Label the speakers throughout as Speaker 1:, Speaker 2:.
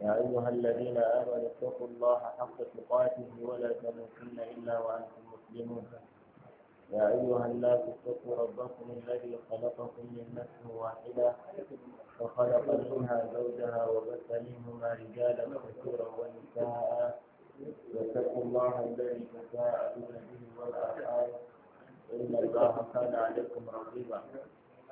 Speaker 1: يا أيها الذين آمنوا اتقوا الله حق تقاته ولا تموتن إلا وأنتم مسلمون يا أيها الناس اتقوا ربكم الذي خلقكم من نفس واحدة وخلق منها زوجها وبث منهما رجالا كثيرا ونساء واتقوا الله الذي تساءلون به والأرحام إن الله كان عليكم رقيبا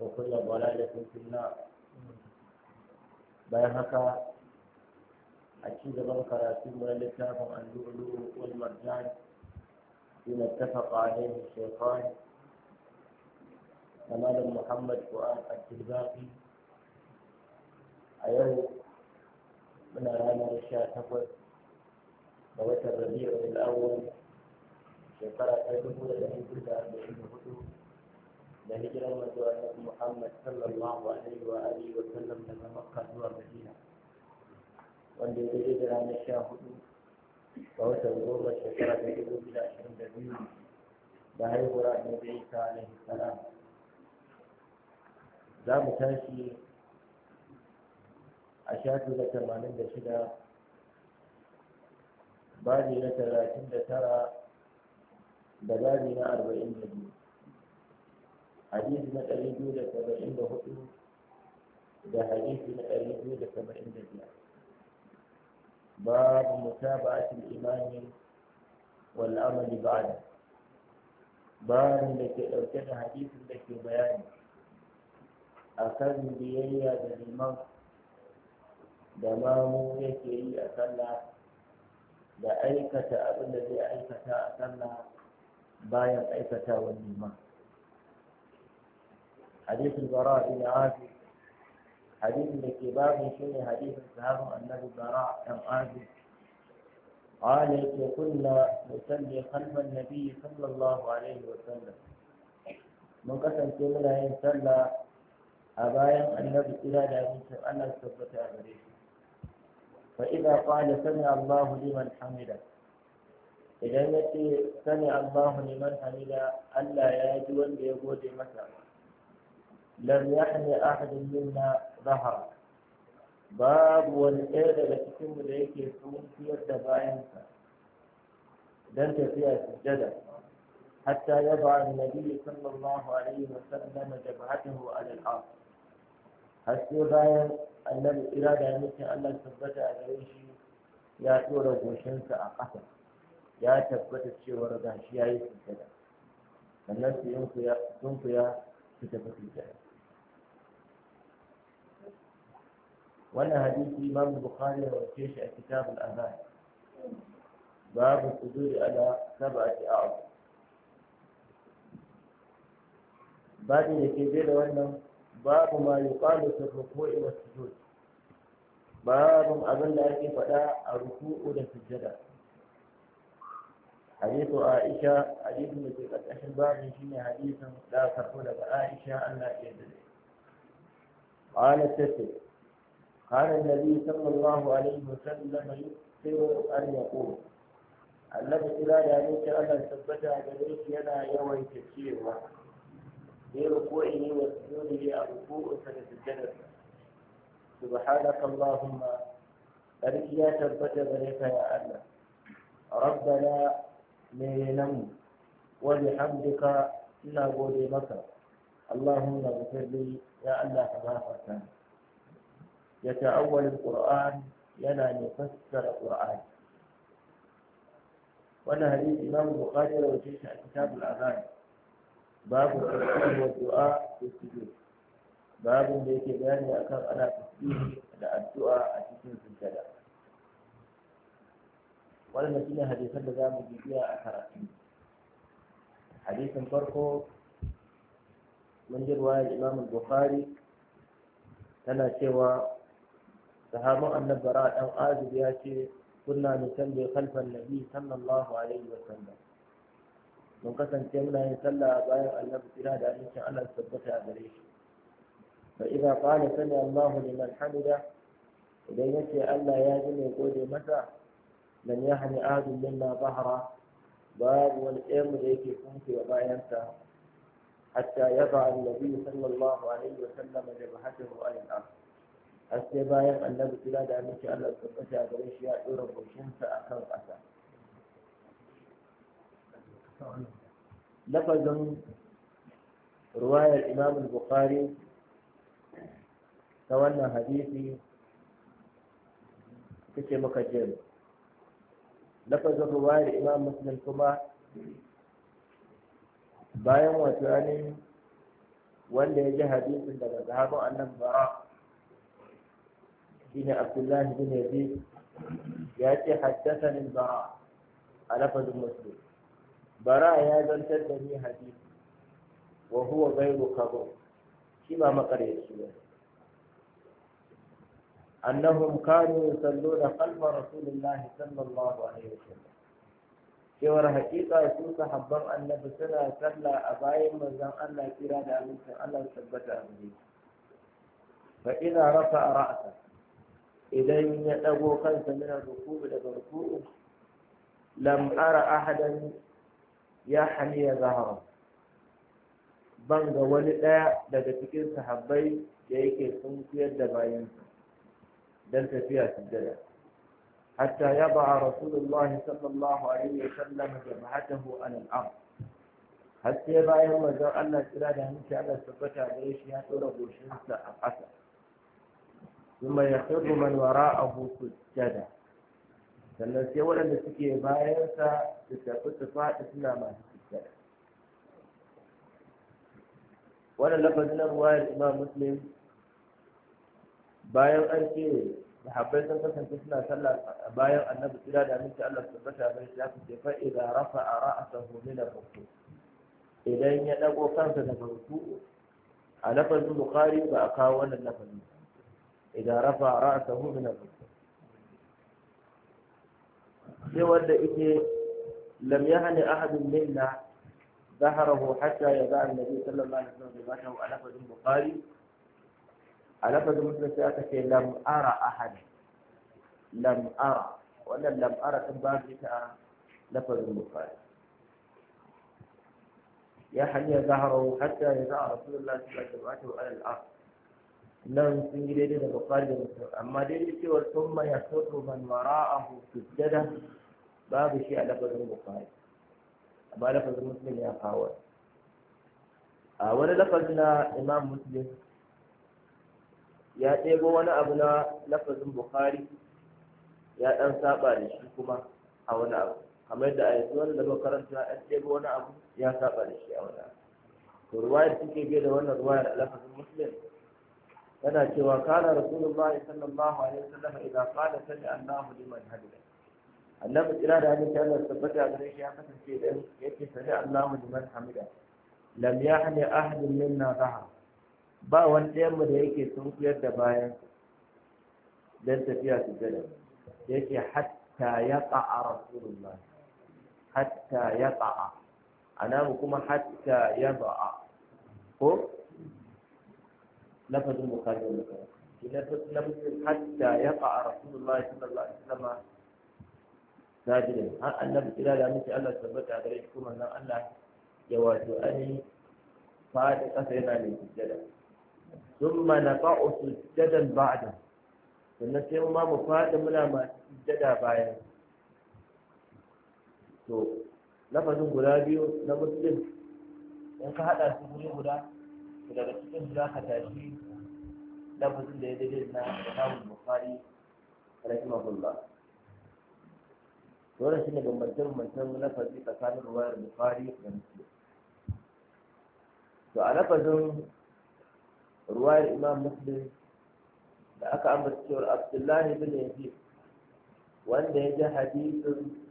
Speaker 1: وكل ضلالة في النار بيان هكا أكيد ضمك راسي مؤلف لهم اللؤلؤ والمرجان بما اتفق عليه الشيطان كمال محمد فؤاد التلباقي أيوه من أعلام رشا تفر ووتر ربيع الأول شكرا لكم ولكم كل ذلك da hijirar manzo annabi Muhammad sallallahu alaihi wa alihi wa sallam daga Makka zuwa Madina wanda ya daidai da ranar sha hudu ga watan goma shekara ta dubu biyu ashirin da biyu da haihuwar annabi Isa alaihi salam za mu tashi a shafi na tamanin da shida babi na talatin da tara da babi na arba'in da biyu hadisi na ɗari biyu da saba'in da hudu da hadisi na ɗari biyu da saba'in da biyar babu mutaba'atul imani wal'amali amali ba'da babin da ke ɗauke da hadisin da ke bayani akan biyayya da liman da mamu yake yi a sallah da aikata abin da zai aikata a sallah bayan aikata wa liman حديث البراء بن عازب حديث لك باب شنو حديث الصحابة النبي براء بن عازب قال كنا نصلي خلف النبي صلى الله عليه وسلم mun kasance muna yin sallah a bayan annabi kira da abincin Allah su a gare shi fa idza qala sami Allahu liman hamida idan yace sani Allahu liman hamida Allah ya ji wanda ya gode masa لم يحن أحد منا ظهر باب والإيدة التي تم لك يكون فيها التباين لن تفيع السجدة حتى يضع النبي صلى الله عليه وسلم جبهته على الأرض هل تباين أن الإرادة منك أن تثبت على شيء يا تورا وشنك أقصر يا تثبت الشيء ورده شيء السجدة الناس ينقيا ينقيا في wannan hadisi imam bukhari ya wace shi a kitabul azan babu sujudi ala sab'ati a'dha babu da ke bai da wannan babu ma yuqalu fi ruku'i was sujud babu abin da ake faɗa a ruku'u da sujjada
Speaker 2: حديث عائشة
Speaker 1: حديث الذي قد أشهد بعد شيء حديث لا تقول عائشة أن لا يدري قالت تسل قال النبي صلى الله عليه وسلم يكثر أن يقول الذي إذا ذلك أن ثبت عليك ينا يوم تكثيرها في ركوعه وسجوده الركوع فلسجدته سبحانك اللهم أرك يا ثبت بريك يا الله ربنا مينم ولحمدك إنا بودي مكة اللهم اغفر لي يا الله تبارك وتعالى يتأول القرآن ينا يفسر القرآن وانا حديث إمام البخاري a كتاب الأذان باب التسبيح والدعاء في السجود باب da yake bayani akan ana tasbihi da addu'a a cikin sujjada wannan shine hadisan da zamu bibiya a karatu hadisin farko mun ji ruwayar Imam Bukhari tana cewa sahaban annabi bara dan azib ya ce kunna nusalli khalfan nabi sallallahu alaihi wa sallam mun kasance muna yin sallah bayan annabi tira da amincin Allah tabbata a gare shi fa idza qala sami Allahu liman hamida idan yace Allah ya ji mai gode masa lam yahni ahadun minna zahra babu wani ɗayan da yake kunce wa bayansa hatta yaba annabi sallallahu alaihi wa sallam jabhatahu ala al-ardh har sai bayan annabi kira da aminci Allah su kashe a gare shi ya ɗora goshinsa a kan ƙasa lafazin ruwayar imam bukhari ta wannan hadisi ta ce maka jin lafazin ruwayar imam muslim kuma bayan wato wanda ya ji hadisin daga sahabin annabi بن عبد الله بن يزيد يأتي حدثني البراء على لفظ مسلم براء يا زن تدني حديث وهو غير كبر كما مقرئ أنهم كانوا يصلون خلف رسول الله صلى الله عليه وسلم cewar hakika su sahabban annabi suna sallah a bayan manzon Allah kira da amincin Allah tabbata a gare fa ina rafa ra'sa idan ya ɗago kansa mina ruku'u daga ruku'u Lam'ara ara ahadan ya haniya zahara ban ga wani ɗaya daga cikin sahabbai da yake sunkuyar da bayansa don tafiya sujjada hatta ya ba a rasulullahi sallallahu alaihi wa sallam jama'atahu an al'am har sai bayan manzon Allah kira da hanci Allah tabbata da shi ya tsora goshinsa a ƙasa ثم يخر من وراءه سجدا sannan sai waɗanda suke bayansa su tafi su faɗi suna masu sujjada wannan lafazin ya imam muslim bayan an ce sahabbai sun kasance suna sallah bayan annabi tsira da aminci Allah su tabbata shi ya fice fa idza a ra'sahu min ar-ruku idan ya dago kansa daga ruku a lafazin bukhari ba a kawo wannan lafazin ba إذا رفع رأسه من الركوع sai wanda yake لم يهن أحد منا ظهره حتى يضع النبي صلى الله عليه وسلم ذبحه على لفظ البخاري على لفظ مسلم سيأتك لم أرى أحد لم أرى ولا لم أرى تبارك لفظ البخاري يا حني ظهره حتى يضع رسول الله صلى الله عليه وسلم على الأرض nan sun yi daidai da bukari da musulun amma daidai cewar sun mai yasoto man a sujjada babu shi a lafazin bukari ba lafazin musulun ya kawo a wani lafazin na imam musulun ya ɗebo wani abu na lafazin bukari ya ɗan saba da shi kuma a wani abu kamar yadda a yi wani da makaranta ya ɗebo wani abu ya saba da shi a wani abu to ruwayar suke biye da wannan ruwayar lafazin musulun yana cewa kana rasulullah sallallahu alaihi wasallam idan qala sami Allahu liman hamida annabi kira da hadisi Allah tabbata gare shi ya kasance da yake sami Allahu liman hamida lam yahni min minna raha ba wani yamma da yake sunkuyar da bayan dan tafiya su jada yake hatta ya qa'a rasulullah hatta ya qa'a ana kuma hatta ya ba'a ko lafazin bukari da bukari na muslim hatta ya fa'a rasulullahi sallallahu alaihi wasallam sajida har annabi kira da miki Allah tabbata gare shi kuma nan Allah ya wato ani fadi kasa yana mai sujjada thumma naqa'u sujjadan ba'da sannan sai mu ma mu fadi muna masu sujjada bayan to lafazin guda biyu na muslim in ka hada su guda daga cikin za ka tashi lafazin da ya da na Imam Bukhari rahimahullah dole shi ne bambance-bambancen lafazi tsakanin ruwayar bukari da Muslim to a lafazin ruwayar Imam Muslim da aka ambata cewar Abdullahi bin Yazid wanda ya ji hadisin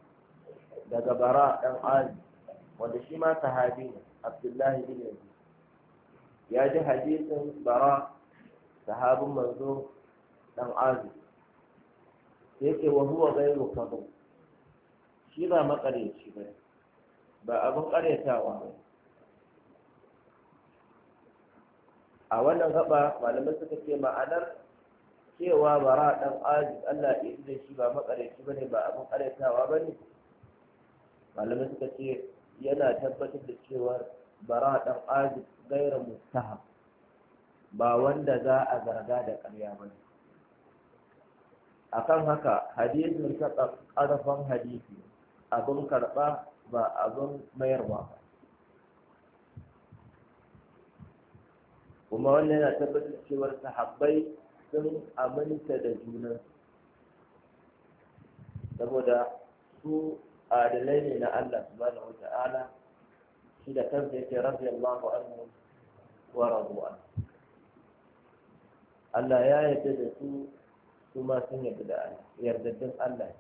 Speaker 1: daga bara ɗan azi wanda shi ma sahabi ne abdullahi bin yanzu ya ji hadisin bara sahabin manzo dan azu yake wa huwa gairu kadu shi ba makareci ba ba abin karyatawa ba a wannan gaba malamai suka ce ma'anar cewa bara dan azu Allah ya yi da shi ba makareci bane ba abin karyatawa bane malamai suka ce yana tabbatar da cewa bara dan azib gaira mustahab ba wanda za a zarga da ƙarya ba akan haka hadisin ta ƙarfan hadisi abin karɓa ba abin mayarwa ba kuma wannan yana tabbatar cewar sahabbai sun aminta da juna. saboda su adalai ne na Allah subhanahu ta'ala shi da kansa yake radiyallahu anhu wa radu anhu Allah ya yadda da su su ma sun yarda da Allah yardaddin Allah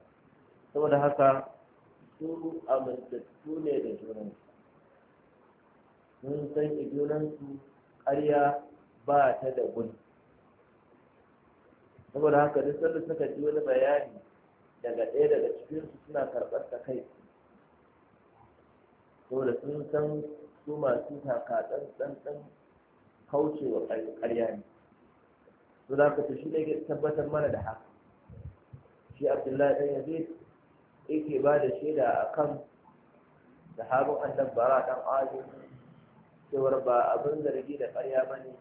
Speaker 1: saboda haka su amintattu ne da junan sun san junan su ƙarya ba ta da gun saboda haka duk sanda suka ji wani bayani daga ɗaya daga cikin su suna karɓar ta kai saboda sun san su masu taka ɗan kaucewa ƙarya ne to za ka shi tabbatar mana da haka shi abdullahi ɗan yazid yake ba da shaida a kan haru annan bara ɗan azin cewar ba abin zargi da ƙarya ba ne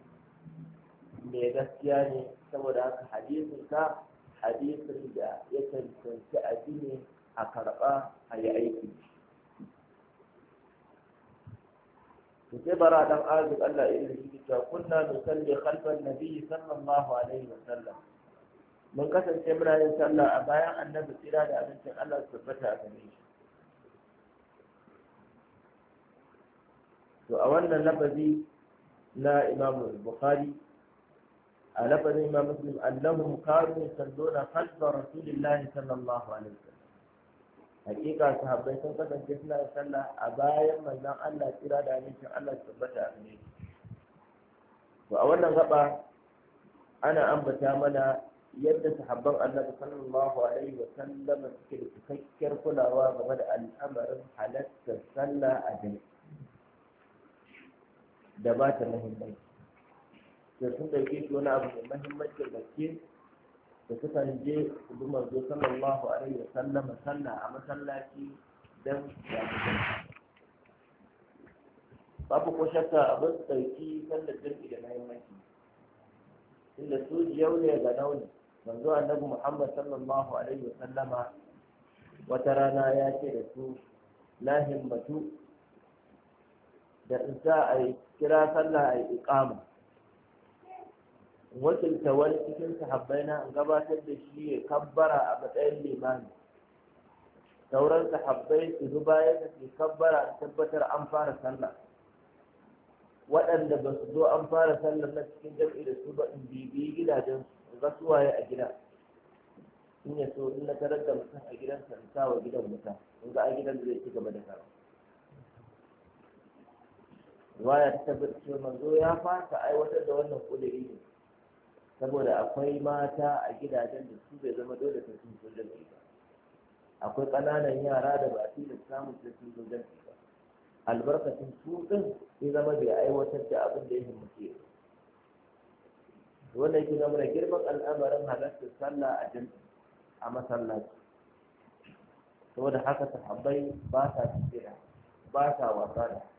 Speaker 1: mai gaskiya ne saboda haka hadisin ka hadisin da ya cancanci jini a karɓa a yi aiki to sai bara dan arziki Allah ya yi cewa kunna nusalli khalfan nabiyyi sallallahu alaihi wasallam mun kasance muna sallah a bayan annabi tsira da abincin Allah su tabbata a gare shi to a wannan lafazi na Imam Bukhari a lafazin Imam Muslim annahum kanu yusalluna khalfa na sallallahu alaihi hakika sahabbai sun kasance suna sallah a bayan manzon Allah kira da amincin Allah su tabbata a to a wannan gaba ana ambata mana yadda sahabban annabi sallallahu alaihi wa sallam suke da cikakkiyar kulawa game da al'amarin halattar sallah a jami'a da ba ta muhimmanci da sun shi wani abu mai muhimmancin gaske da suka je su manzo sallallahu alaihi wa sallama sallah a masallaci don jami'ai babu ko shakka abin su sallar jirgi da mahimmanci inda su jiyau ne ga nauni manzo annabi muhammad sallallahu alaihi wa sallama wata rana ya ce da su na himmatu da in za a kira sallah a iqamah wakilta wani cikin sahabbai na gabatar da shi ya kabbara a matsayin limani sauran sahabbai su zuba ya tafi kabbara a tabbatar an fara sallah waɗanda ba su zo an fara sallah na cikin jam'i da su ba in bibiyi gidajen su ga a gida in ya so in na tarar da mutum a gidan sa wa gidan mutum in ga a gidan zai ci gaba da karatu riwaya ta tabbatar manzo ya fasa aiwatar da wannan kudiri ne saboda akwai mata a gidajen da su bai zama dole ta sun zo ba akwai ƙananan yara da ba su da samun da sun zo ba albarkacin su ɗin sai zama bai aiwatar da abin da ya himmace wannan yake zama da girman al'amarin halartar sallah a Jan a masallaci saboda haka sahabbai ba sa tafiya ba sa wasa da haka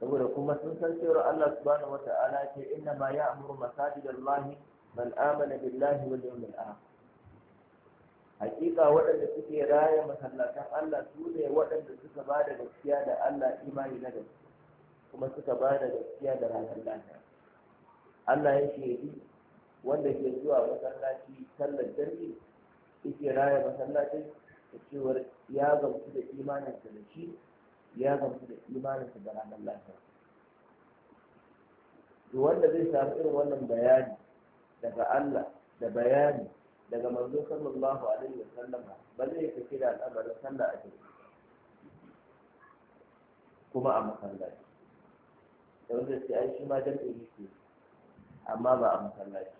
Speaker 1: saboda kuma sun san cewa Allah subhanahu wata'ala ce inna ma ya'muru masajidallahi man amana billahi wal yawmil akhir hakika waɗanda suke raya masallatan Allah su ne waɗanda suka ba da gaskiya da Allah imani na gaskiya kuma suka ba da gaskiya da ranar lafiya Allah ya shaidi wanda ke zuwa masallaci sallar dare yake raya masallacin da cewar ya gamsu da imanin da shi ya gamsu da imanin da ranar lafiya to wanda zai samu irin wannan bayani daga Allah da bayani daga manzo sallallahu alaihi wa sallama ba zai yi ka da al'amarin sallah a jiki kuma a masallaci da wanda sai an shi ma dan ɗari ke amma ba a masallaci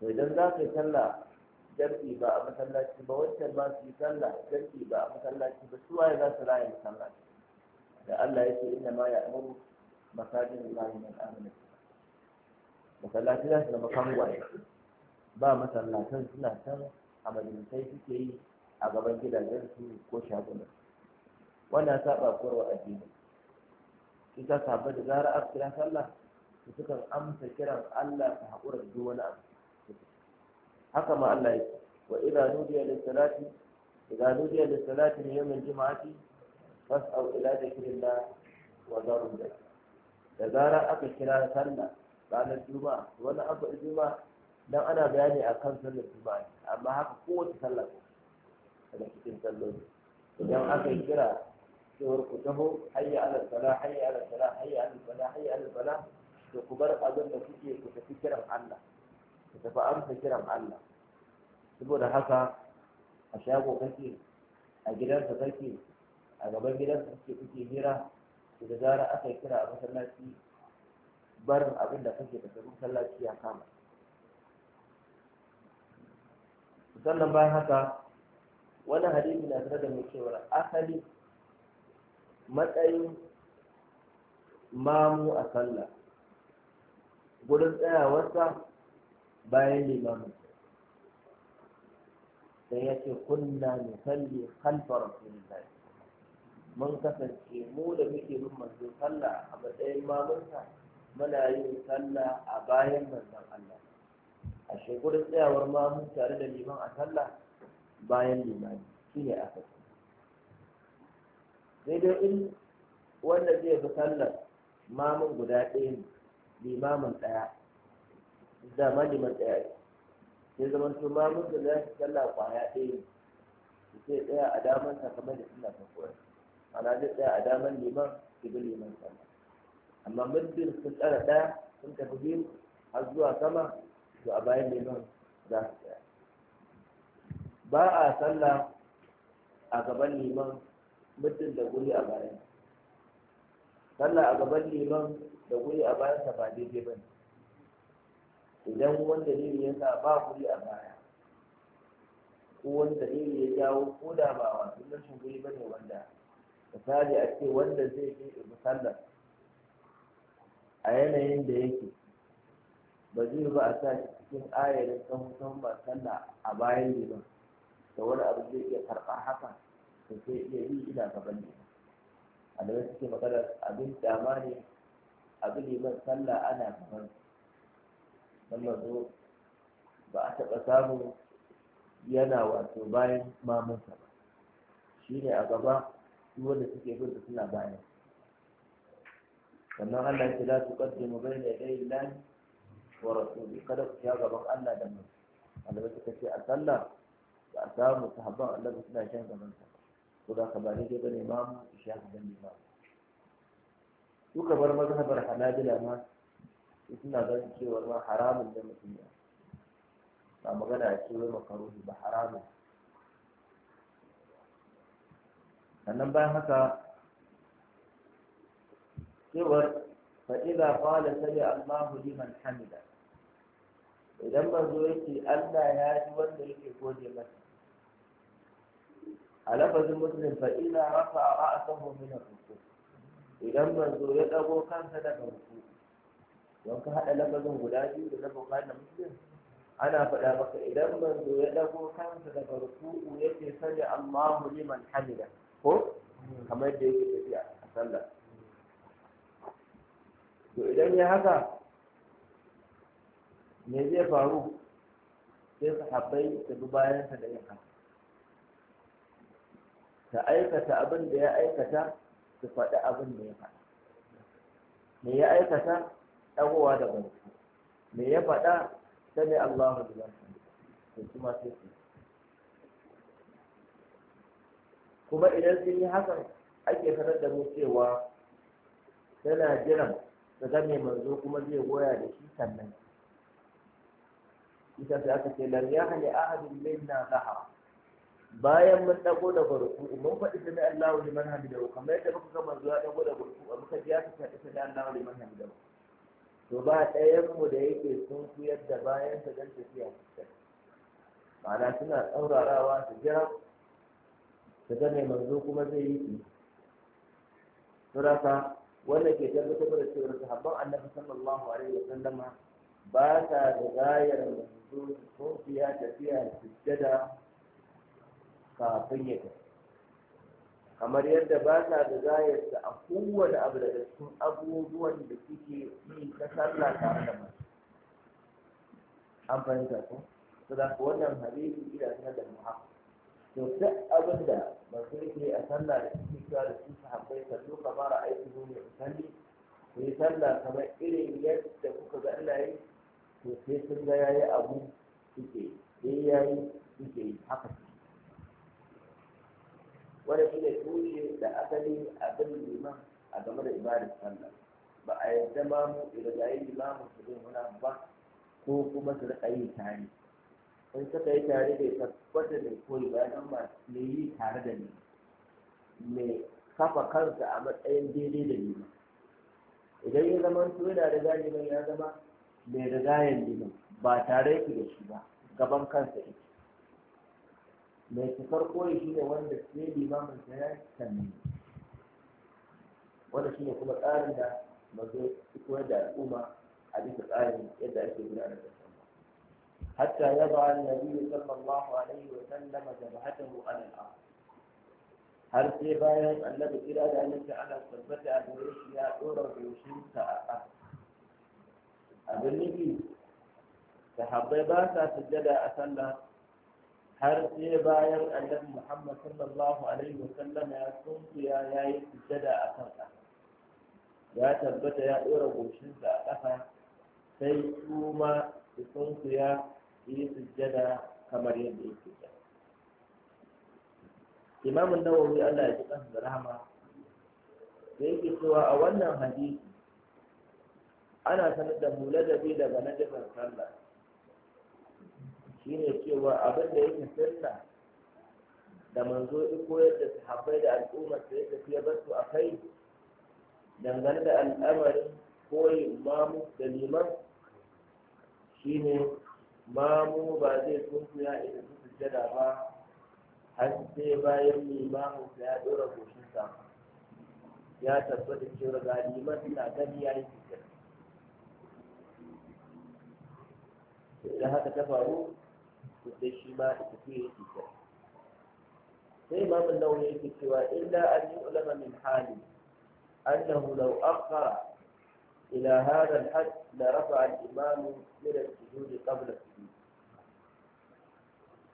Speaker 1: to idan za ka yi sallah jarki ba a masallaci ba wancan ba su yi sallah jarki ba a masallaci ba su waye za su raya masallaci da Allah yake inna ma ya amuru masajin lillahi min amin. masallaci za su zama kangwaye ba masallatan suna can a majalisai suke yi a gaban gidajen su ko shagunan wannan saba korwa addini kika saba da zara a kira sallah su sukan amsa kiran Allah su haƙura da duk wani abu haka ma Allah yake wa idza nudiya lis salati idza nudiya lis salati min yawm al jum'ati fas'au ila dhikrillah wa dharul da zara aka kira sallah ranar juma'a wani abu juma'a dan ana bayani a kan sallar juma'a amma haka kowace sallah daga cikin salloli idan aka kira cewar ku taho hayya ala sala hayya ala sala hayya ala sala hayya ala sala to ku bar abin da kuke ku tafi kiran Allah ka tafi amsa kiran Allah saboda haka a shago kake a gidansa kake a gaban gidansa kake kuke hira to da zarar aka yi kira a masallaci barin abin da kake da tafi masallaci ya kama sannan bayan haka wani hadisi na tare da mai cewar asali matsayin mamu a sallah gudun tsayawarsa bayan limamin sai ya ce kunna nusalli khalfa rasulillahi mun kasance mu da muke bin manzon sallah a matsayin mamunsa muna yin sallah a bayan manzon Allah a shekurin tsayawar mamun tare da liman a sallah bayan limani shi ne aka sai dai in wanda zai fi sallar mamun guda ɗaya ne limamin ɗaya da ma liman ɗaya ne sai zama to ma mun da shi kalla kwaya ɗaya ne sai tsaya a daman kamar da suna ta koyar ana zai tsaya a daman neman su bi liman sallah amma muddin sun tsara ɗaya sun tafi biyu har zuwa sama to a bayan neman za su tsaya ba a salla a gaban neman muddin da guri a bayan sallah a gaban neman da guri a bayan sa ba daidai ba ne idan wanda dalili ya sa ba guri a baya ko wani dalili ya jawo ko da ba wato rashin guri ba ne wanda misali a ce wanda zai je musallar a yanayin da yake ba zai ba a sa shi cikin ayarin kan ba salla a bayan liman da wani abu zai iya karɓar haka da sai iya yi ina gaban ne a da suke magana abin dama ne abin liman sallah ana gaban su don manzo ba a taɓa samun yana wato bayan mamansa ba shi ne a gaba duk wanda suke bin da suna bayan sannan Allah ya ce la tuqaddimu bayna yaday Allah wa rasuli kada ku ya gaban Allah da manzo Allah suka ce a sallah ba a samu sahabban Allah suna shan gaban sa ko da ka ba ne dai bane mamu isha gaban limamu duka bar mazhabar hanabila ma suna ganin cewa ma haramun da mutum ya ba magana ya ce wai makaruhi ba haramun sannan bayan haka cewar fa'iza fa'ala sami Allahu liman hamida idan manzo yake Allah ya ji wanda yake gode masa
Speaker 2: a lafazin muslim fa'iza
Speaker 1: rafa a min ar-rukuu idan manzo ya dago kansa daga rukuu don ka haɗa lafazin guda biyu da na bukari da muslim ana faɗa maka idan manzo ya ɗago kansa daga ruku'u yake sanya Allahu liman hamida ko kamar da yake tafiya a sallah to idan ya haka me zai faru sai sahabbai da bi bayansa da yaka ta aikata abin da ya aikata su faɗi abin da ya faɗi. me ya aikata Ɗagowa da banki me ya faɗa ne Allahu liman hamida kuma sai su kuma idan sun yi hakan ake sanar da mu cewa tana jiran da game manzo kuma zai goya da shi sannan ita sai aka ce lam yahli ahadun na zaha bayan mun dago da barku mun faɗi sami Allahu liman hamida kamar yadda muka ga manzo ya dago da barku muka ji ya ta faɗi sami Allahu liman hamida to ba ɗayanmu da yake sun fi yadda bayan ta don tafiya ma'ana suna tsaurarawa su jira su ga manzo kuma zai yi ki suraka wanda ke tabbatar da cewa sahabban annabi sallallahu alaihi wa sallama ba ta da gayar manzo sun fiya tafiya sujjada kafin ya tafi kamar yadda ba sa da zayarsa a kowane abu daga cikin abubuwan da suke yi ta sallah tare da masu an fahimta ko su da wannan hadisi ila ta da muha to duk abin da masu yake a sallah da suke cewa da su sahabbai zo ka fara aiki zo ne salli ku yi sallah kamar irin yadda kuka ga Allah yi to sai sun ga yayi abu suke sai yayi suke haka suke wanda shi ne tushe da asali abin liman a game da ibadar sallah ba a yadda ma mu daga yayin limamin su zai wani ba ko kuma su riƙa yi tare in suka yi tare da ya tabbata da koyi bayan ma me yi tare da ni me kafa kansa a matsayin daidai da liman idan ya zama to yana da galiban ya zama mai rigayen liman ba tare yake da shi ba gaban kansa ita. mai farko ne shi ne wanda sai limamin ta ya sanni wanda shi ne kuma tsarin da mazo da al'umma a bisa tsarin yadda ake gudanar da sallah hatta ya ba annabi sallallahu alaihi wa sallama jabhatahu ala al har sai bayan annabi kira da annabi ana tabbata a gare shi ya dora ta a ƙasa abin nufi sahabbai ba sa sujjada a sallah har sai bayan annabi Muhammad sallallahu alaihi wa sallam ya sunkuya ya yi sujjada a kan ya tabbata ya ɗora goshinsa a ƙasa sai su ma su yi sujjada kamar yadda yake da Imam Nawawi Allah ya ji da rahama da yake cewa a wannan hadisi ana sanar da mu ladabi daga najasar sallah Shi shine cewa abin da yake sunna da manzo ya koyar da sahabbai da al'ummar da ya tafiya ba su a kai dangane da al'amarin koyin mamu da liman Shi ne, mamu ba zai tuntuya idan su sujjada ba har sai bayan limamin da ya dora goshinsa ya tabbata cewa ga liman na gani ya yi sujjada da haka ta faru da shi ma ita ce yi ce sai ma mun nauyi yake cewa illa an ulama min hali annahu law akhara إلى هذا الحد لرفع الإمام من السجود qabla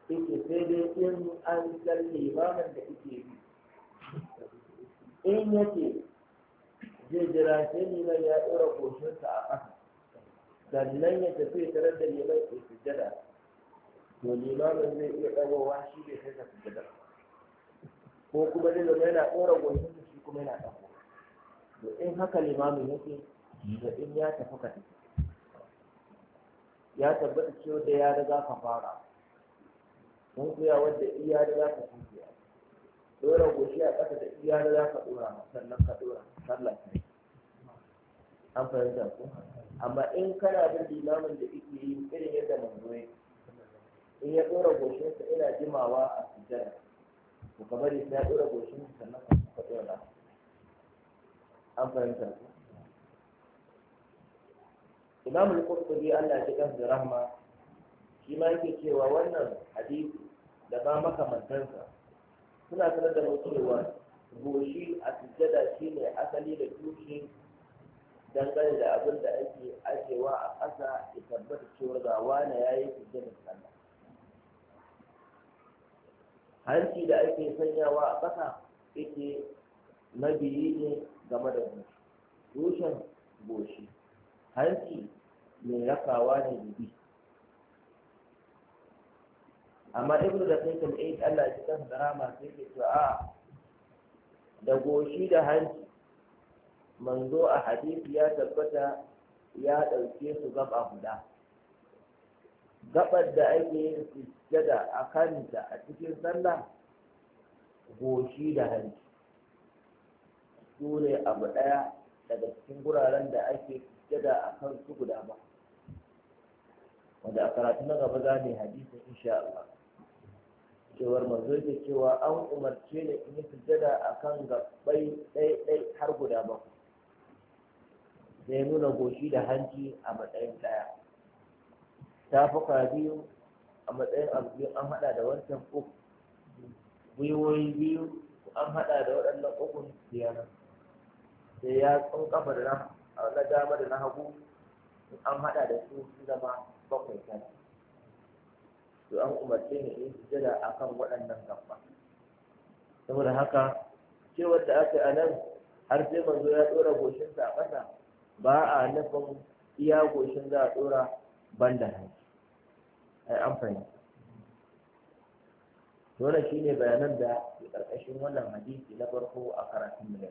Speaker 1: sujud yake sai dai in an kalli limamin da kike bi in yake zai jira sai mai ya ɗora goshinsa a ƙasa sannan ya tafi tare da neman ke sujjada to limamin zai iya ɗagowa shi bai kai ka sujjada ko kuma zai zama yana ɗora goshin shi kuma yana ɗago to in haka limamin yake da in ya tafi ka tafi ya tabbata cewa da ya riga ka fara sun kuya wadda iya za ka kuciya ɗora goshi a ƙasa da iya za ka ɗora sannan ka ɗora sallah ta an fahimta ko amma in kana bin limamin da ike yi irin yadda manzo yake in ya ɗora goshinsa ina jimawa a sujjada ko kamar yadda ya ɗora goshin sannan ka da an fahimta ku imamu al-qurtubi Allah ya kidan da rahma shi ma yake cewa wannan hadisi da ba makamantansa suna sanar da mu cewa goshi a sujjada shine asali da tushe dangane da abin da ake ajewa a ƙasa ya tabbata cewa ga wane ya yi sujjada sallah hanci da ake sanyawa a ƙasa yake mabiyi ne game da mu tushen goshi hanci mai rakawa ne bibi amma ibnu da sai kan aid Allah ya kan drama sai ke cewa da goshi da hanci manzo a hadisi ya tabbata ya dauke su gaba guda gabar da ake yin su. sujjada a kanta a cikin sallah goshi da hanci su ne abu ɗaya daga cikin guraren da ake sujjada a kan su guda ba wanda a karatu na gaba za ne hadisi insha Allah cewar manzo yake cewa an umarce ne in yi sujjada a kan gaɓɓai ɗai har guda ba Zai nuna goshi da hanji a matsayin ɗaya fuka biyu a matsayin abu biyu an haɗa da wancan uku gwiwoyi biyu an haɗa da waɗannan ukun biyar sai ya tsun kafa da na dama da na hagu an haɗa da su su zama bakwai kan to an umarce ni in jira a kan waɗannan gaba saboda haka cewar da aka yi a nan har sai manzo ya ɗora goshinsa a ƙasa ba a nufin iya goshin za a ɗora ban da hanci ai amfani. fahimta dole shi ne bayanan da ke ƙarƙashin wannan hadisi na farko a karatun da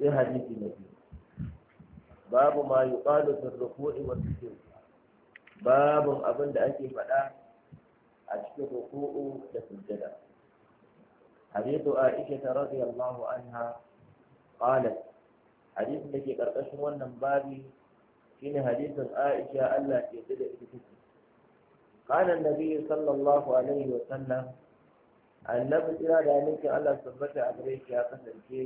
Speaker 1: sai hadisi na biyu babu ma yi ƙwado sun a wasu ke Babu abin da ake faɗa a cikin ruku'u da sujjada a aisha ta radiyallahu anha qalat hadisin da ke ƙarƙashin wannan babi shine hadisin aisha Allah ke da ita قال النبي صلى الله عليه وسلم annabi tsira da yankin Allah tabbata a gare shi ya kasance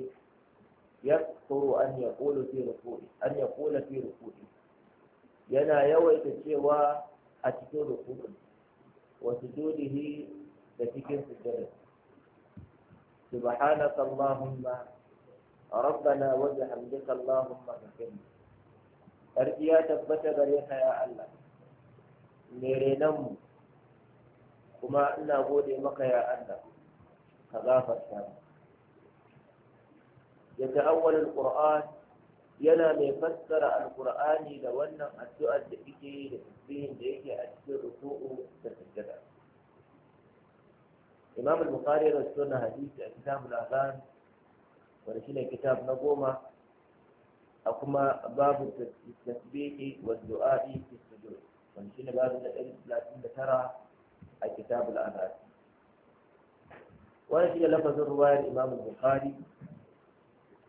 Speaker 1: ya tsoro an ya kula fi rukuri an ya kula fi rukuri yana yawaita cewa a cikin rukuri wa sujudihi da cikin sujjada سبحانك اللهم wa وبحمدك اللهم اغفر لي أرجيا تبت غريك ya Allah. mai renonmu kuma ina gode maka ya Allah ka gafarta mu yadda awwalul alquran yana mai fassara alqur'ani da wannan addu'ar da yake da tasbihin da yake a cikin ruku'u da sujjada imam al-bukhari da rawaito hadisi a al azan wanda shine kitab na goma a kuma babu tasbihi wa du'a fi sujud wani shi ne babu da ɗari talatin da tara a kitabul azhar wani shi ne lafazin ruwayar imam bukhari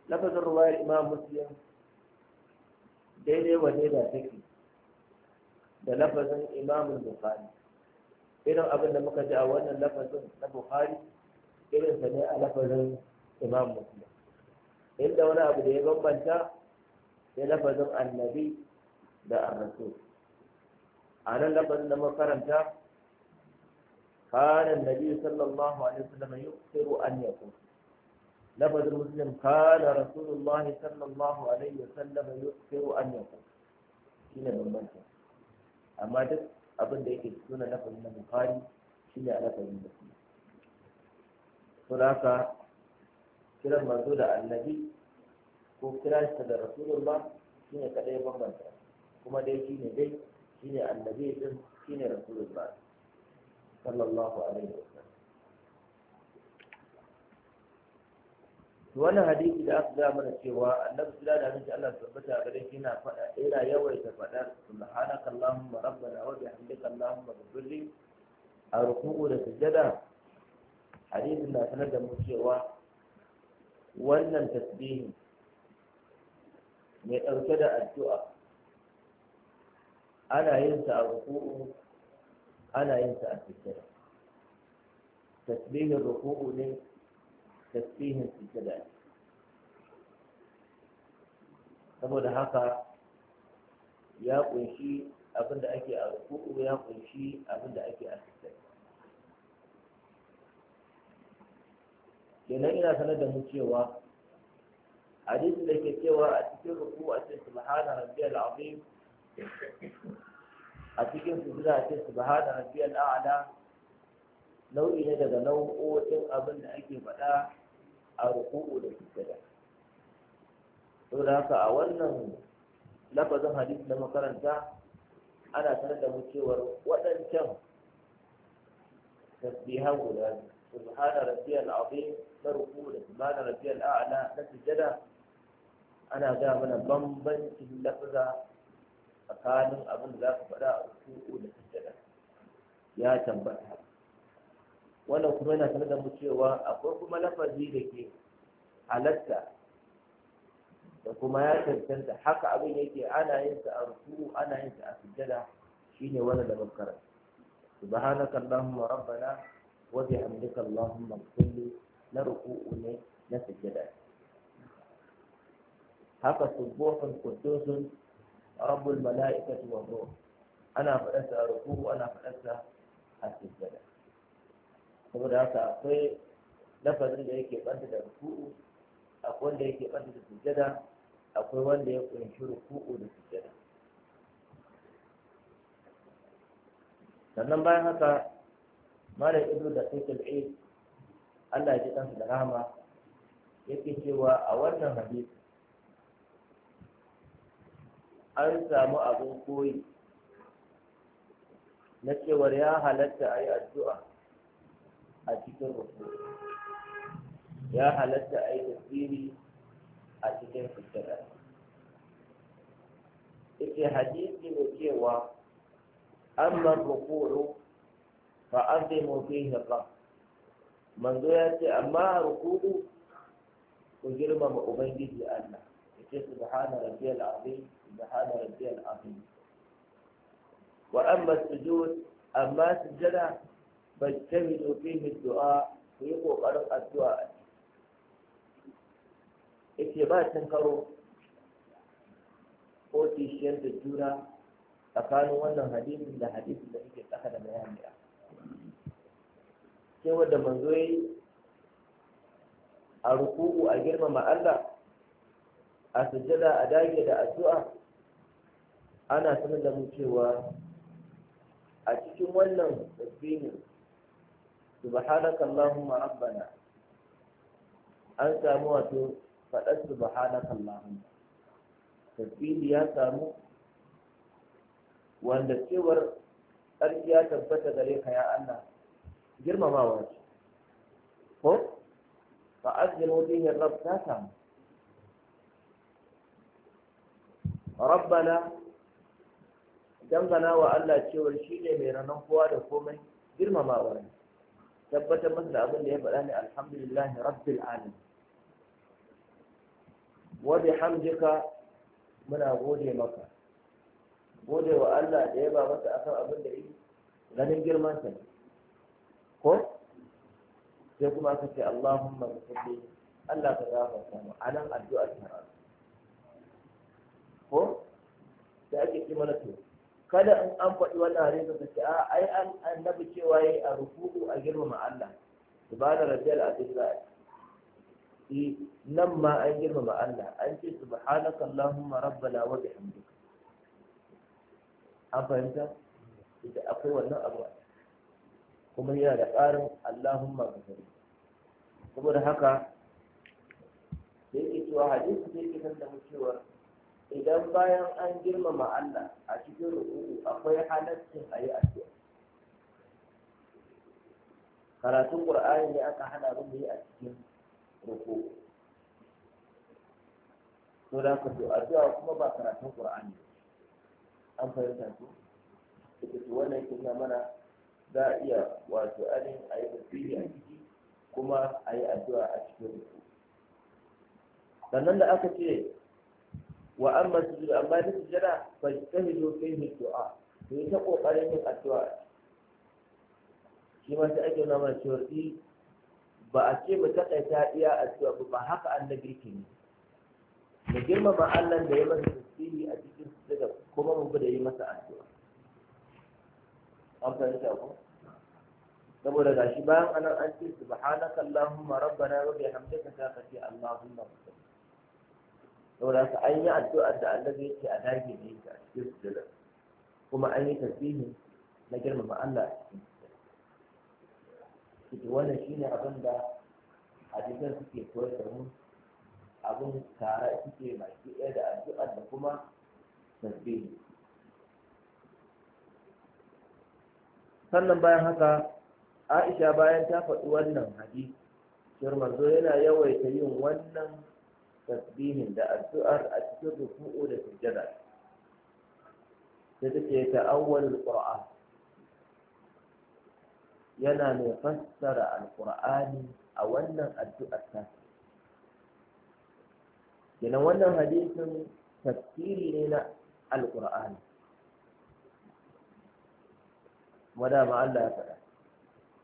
Speaker 1: lafazin ruwayar imam muslim dai wanne da take da lafazin imam bukhari irin abin da muka ji a wannan lafazin na bukhari irin sa ne a lafazin imam muslim inda wani abu da ya bambanta sai lafazin annabi da arrasul a nan labarin da makaranta kanan nabi sallallahu alaihi wasallam yuksiru an yaku Labarin muslim kana rasulullahi sallallahu alaihi wasallam yuksiru an Shi ne bambanta amma duk abin da yake suna labarin na bukari shine a da muslim to haka kiran manzo da annabi ko kiran shi da rasulullah shine kadai bambanta kuma dai shine dai shine annabi din shine rasulullah sallallahu alaihi wasallam wannan hadisi da aka ga mana cewa annabi sallallahu alaihi wasallam Allah tabbata gare shi yana faɗa ina yawaita faɗa subhanaka allahumma rabbana wa bihamdika allahumma ghfirli a ruku'u da sujada hadisin na sanar da mu cewa wannan tasbihin mai ɗauke da addu'a ana yin sa a ruku'u ana yin sa a sujjada tasbihin ruku'u ne tasbihin sujjada ne saboda haka ya kunshi da ake a ruku'u ya kunshi da ake a sujjada kenan ina sanar da mu cewa hadisi da ke cewa a cikin ruku'u a cikin subhana rabbiyal azim a cikin su suna ce subhana rabbiyal al'ada nau'i ne daga nau'o'in abin da ake faɗa a ruku'u da sujjada saboda haka a wannan lafazin hadisi na makaranta ana sanar da mu cewar waɗancan tasbihan guda biyu subhana rabbiyal azim na ruku'u da subhana rabbiyal a'la na sujjada ana ga mana bambancin lafaza tsakanin abin da za ka faɗa a ruku'u da sujjada ya tambata wannan kuma yana sanar da mu cewa akwai kuma lafazi da ke halatta da kuma ya cancanta haka abin yake ana yin sa a ruku'u ana yin sa a sujjada shine wannan da bakkara subhanaka allahumma rabbana wa bihamdika allahumma kulli na ruku'u ne na sujjada haka subuhun qudusun rabbul mala'ikati wa ruh ana faɗar sa ruku ana faɗar sa as saboda haka akwai lafazin da yake banta da ruku akwai wanda yake banta da sujada akwai wanda ya kunshi ruku da sujada sannan bayan haka malam ibnu da sayyid al Allah ya ji kansa da rahama yake cewa a wannan hadisi an samu abin koyi na cewar ya halatta a yi addu'a a cikin rufu ya halatta a yi tasiri a cikin fitada ita hadisi ne cewa amma rukuru fa azimu mafi hirra. manzo ya ce amma rukuru ku girmama ubangiji Allah su subhana rabbiyal azim سبحان ربي العظيم وأما السجود أما سجدة فاجتهدوا فيه الدعاء في الدعاء ba tankaro ko kishiyar da juna tsakanin wannan hadisin da da suke tsaka da a cewa manzo yi a ruku'u a girmama Allah a sujjada a dage da addu'a ana sanar da mu cewa a cikin wannan tasbihin subhanaka allahumma rabbana an samu wato faɗar subhanaka allahumma tasbihi ya samu wanda cewar ƙarfi ya tabbata gare ka ya Allah girmamawa ce ko fa azzilu bihi rabb ta samu rabbana dangana wa Allah cewar shi ne mai ranar kowa da komai girmamawa ne tabbatar masa da abin da ya faɗa ne alhamdulillahi rabbil alamin wa bihamdika muna gode maka gode wa Allah da ya ba masa akan abin da yi ganin girman sa ko sai kuma aka ce Allahumma rabbi Allah ka gafarta mu anan addu'ar ta ko sai ake ce mana to kada in an faɗi wani hadisi ka ce a ai an annabi cewa yayi a ruku'u a girmama Allah subhana rabbiyal azizai e, nan ma an girmama Allah an ce subhanaka allahumma rabbana wa bihamdika an fahimta ita akwai wannan abu kuma yana da ƙarin allahumma Kuma saboda haka sai ke cewa hadisi sai ke san da mu cewa idan bayan an girmama Allah a cikin ruku'u akwai halaccin a yi addu'a karatun ƙur'ani ne aka hana mu yi a cikin ruku'u to da ka to addu'a kuma ba karatun ƙur'ani an fahimta su ita to wannan yake mana za a iya wato ainihin a yi tafiya a kuma a yi addu'a a cikin ruku'u sannan da aka ce wa amma sujud amma da sujada fa tahidu fihi du'a to ita kokarin yin addu'a shi ma sai ake nuna mana cewa ba a ce mu takaita iya addu'a ba haka annabi yake ne mu girmama Allah da ya masa tasiri a cikin sujada kuma mu bude yi masa addu'a an fahimta ko saboda gashi bayan anan an ce subhanaka allahumma rabbana wa bihamdika ta kace allahumma saboda haka an yi addu'ar da annabi yake a dage da yake a cikin sujada kuma an yi tasbihi na girmama Allah a cikin sujada wannan shine abin da hadisan suke koyar da mu abin tare suke baki ɗaya da addu'ar da kuma tasbihi sannan bayan haka Aisha bayan ta faɗi wannan hadisi, shirmanzo yana yawaita yin wannan tasbihin da addu'ar a cikin ruku'u da sujjada sai take awwal qur'an yana ne fassara alqur'ani a wannan addu'ar ta kenan wannan hadisin tafsiri ne na alqur'ani kuma dama Allah ya faɗa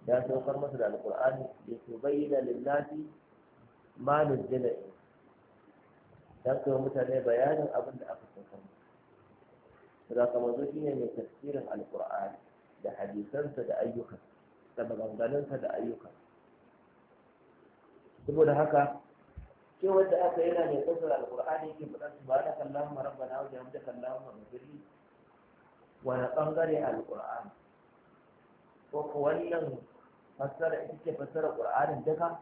Speaker 1: ya saukar masa da alqur'ani da su bayyana lillahi ma nuzzila ilayhi ta su mutane bayanin abin da aka saukar musu za ka mazo shi ne mai tafsirin alkur'ani da hadisansa da ayyukan da maganganunsa da ayyukan saboda haka ke wanda aka yana mai tafsirin alkur'ani ke faɗa su ba da kallon marabbana wajen da kallon marabbi wani ɓangare alkur'ani ko wannan fassara ita ce fassara ƙur'anin duka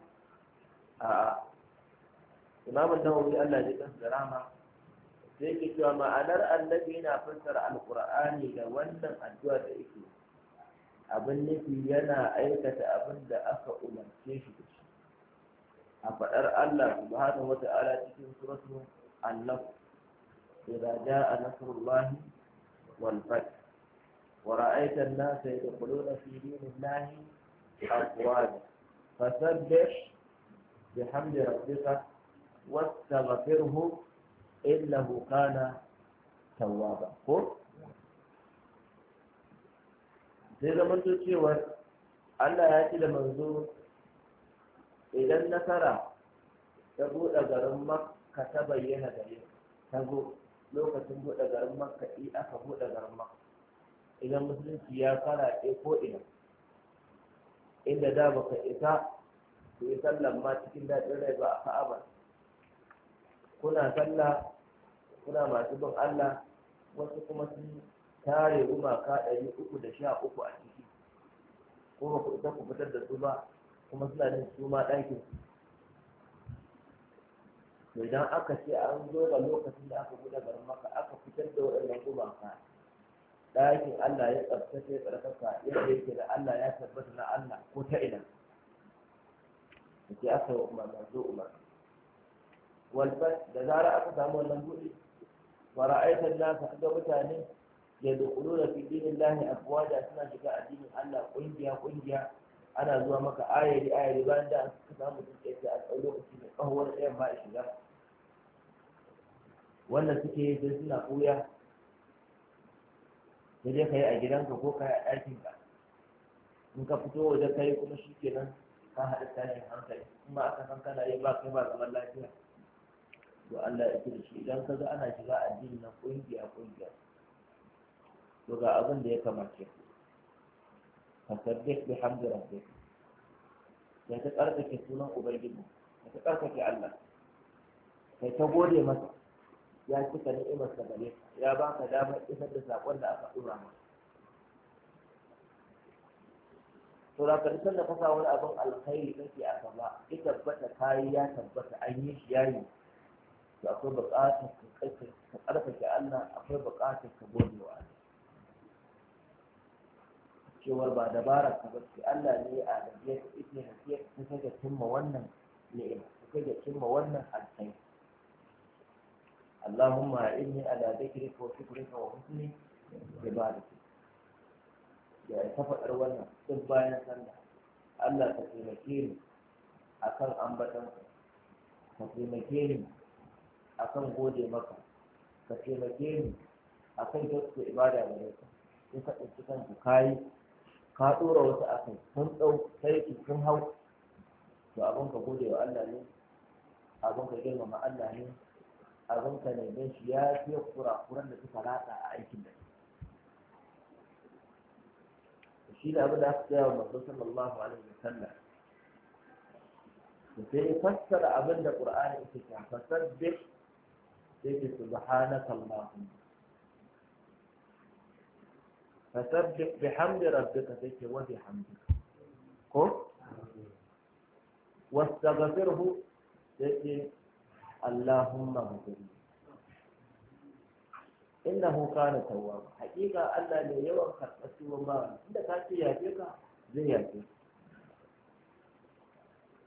Speaker 1: A'a. imamun nawawi Allah ya kansa da sai ke cewa ma'anar annabi yana fassara alqur'ani da wannan addu'a da yake abin nufi yana aikata abin da aka umarce shi da shi a faɗar Allah subhanahu wata'ala cikin suratul annab idza jaa nasrullahi wal fath wa ra'aita an-nasa yadkhuluna fi dinillahi afwaja fasabbih bihamdi rabbika wastaghfirhu innahu kana tawwaba ko sai zaman to cewa Allah ya ci da manzo idan nasara ta buɗe garin makka ta bayyana gare ta zo lokacin buɗe garin makka i aka buɗe garin makka idan musulunci ya fara ɗaya ko ina inda da baka isa ku yi sallan ma cikin daɗin rai ba a ka'abar kuna sallah kuna masu bin Allah wasu kuma sun tare gumaka ɗari uku da sha uku a ciki ko ba ku ita ku fitar da su ba kuma suna jin su ma ɗakin to idan aka ce an zo ga lokacin da aka buɗe garin maka aka fitar da waɗannan gumaka ɗakin Allah ya tsabtace ya tsarkaka yadda yake da Allah ya tabbata na Allah ko ta ina da aka yi zo umarna walbat da zara aka samu wannan buɗe wa ra'aitan nasa ga mutane ya dukulu da fi dinin lahi afwaja suna shiga addinin Allah ƙungiya kungiya ana zuwa maka ayari ayari bayan da suka samu sun a tsawon lokaci mai kahuwar ɗayan ba shiga wannan suke yi sai suna ɓuya sai ka yi a gidanka ko ka yi a ɗakinka in ka fito waje ka yi kuma shi kenan ka haɗa tashin hankali kuma aka san kana yi ba kai ba zaman lafiya to Allah ya fi da shi idan ka ga ana shiga addini na ƙungiya ƙungiya to ga abin da ya kamace ka fasabbih bi hamdi rabbik ya ta ke sunan ubangiji ya ta ke Allah kai ta gode masa ya cika ni'imar sa gare ya baka damar isar da sakon da aka dora maka to da ka isar da kasa wani abin alkhairi kake a gaba ya tabbata kai ya tabbata an yi shi yayi to akwai buƙatar ka ƙarfafa Allah akwai buƙatar ka gode wa Allah cewar ba dabara ka ba sai Allah ne a gajiya ka ita hasiya ka kaga cimma wannan ni'ima ka kaga cimma wannan alkhairi اللهم إني على ذكرك وشكرك وحسن عبادتك ya faɗar wannan duk bayan sallah Allah ka taimake ni akan ambatan ka taimake ni akan gode maka ka taimake ni kan kyautata ibada da ka in ka ɗauki kanka kayi ka ɗora wasu akan sun ɗau sarki sun hau to abin ka gode wa Allah ne abin ka girmama Allah ne abin ka ne shi ya kura kurakuran da suka ratsa a aikin da shi da abin da aka tsaya wa manzo sallallahu alaihi wa sallam sai fassara abin da qur'ani yake cewa fasabbih sai ce subhanaka allahumma fasabbih bihamdi rabbika sai ce wa bihamdika ko wastaghfirhu sai ce allahumma ghfirli innahu kana tawwab haƙiƙa Allah ne yawan karɓar tuwon ba inda ka ce yafe ka zai yafe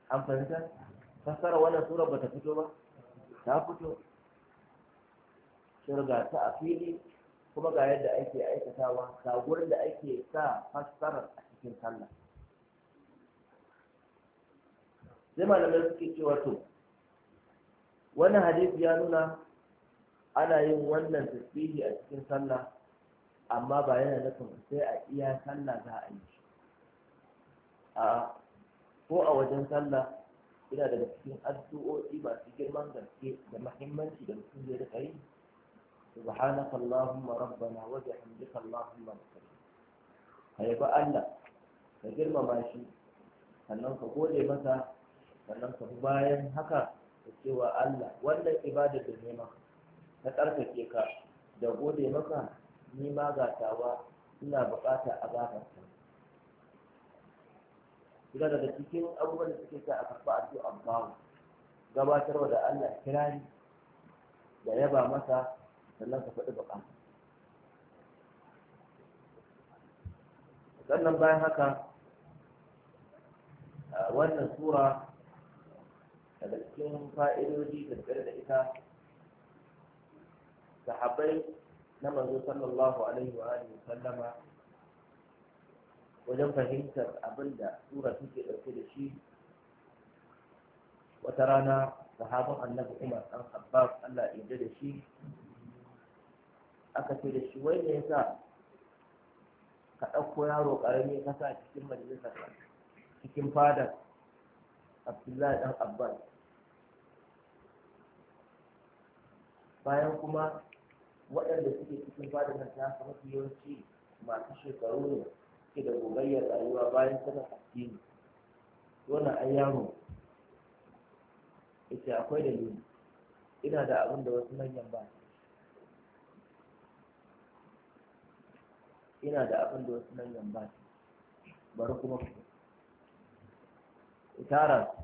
Speaker 1: an fahimta fasara wannan sura bata fito ba ta fito sun ta a fili kuma ga yadda ake aikatawa ga gurin da ake sa fassarar a cikin sallah sai malamai suke cewa to wannan hadisi ya nuna ana yin wannan tasbihi a cikin sallah amma ba yana nufin sai a iya sallah za a yi a ko a wajen sallah ina daga cikin addu'o'i masu girman gaske da muhimmanci da mutum zai rika yi subhanaka allahumma rabbana wa bihamdika allahumma rabbana kai ba Allah ka girmama shi sannan ka gode masa sannan ka bayan haka ka ce wa Allah wannan ibada da ne maka tsarkake ka da gode maka ni ma gatawa ina bukata a gafarta ina daga cikin abubuwan da suke sa a karɓa addu'a gabatarwa da Allah kirari da yaba masa sannan ka faɗi baka sannan bayan haka wannan sura daga cikin fa'idoji tattare da ita sahabbai na manzo sallallahu alaihi wa alihi sallama wajen fahimtar abin da sura suke ɗauke da shi wata rana sahabin annabi umar ɗan abbas allah ya da shi aka ce da shi wai ne yasa ka ɗauko yaro ƙarami ka sa cikin majalisa cikin fadar abdullahi ɗan abbas bayan kuma waɗanda suke cikin fadar nan ta haka mafi yawanci masu shekaru ne suke da gogayyar rayuwa bayan sanin addini dole ai yaro ita akwai dalili ina da abin da wasu manyan ba ina da abin da wasu manyan ba bari kuma ku tara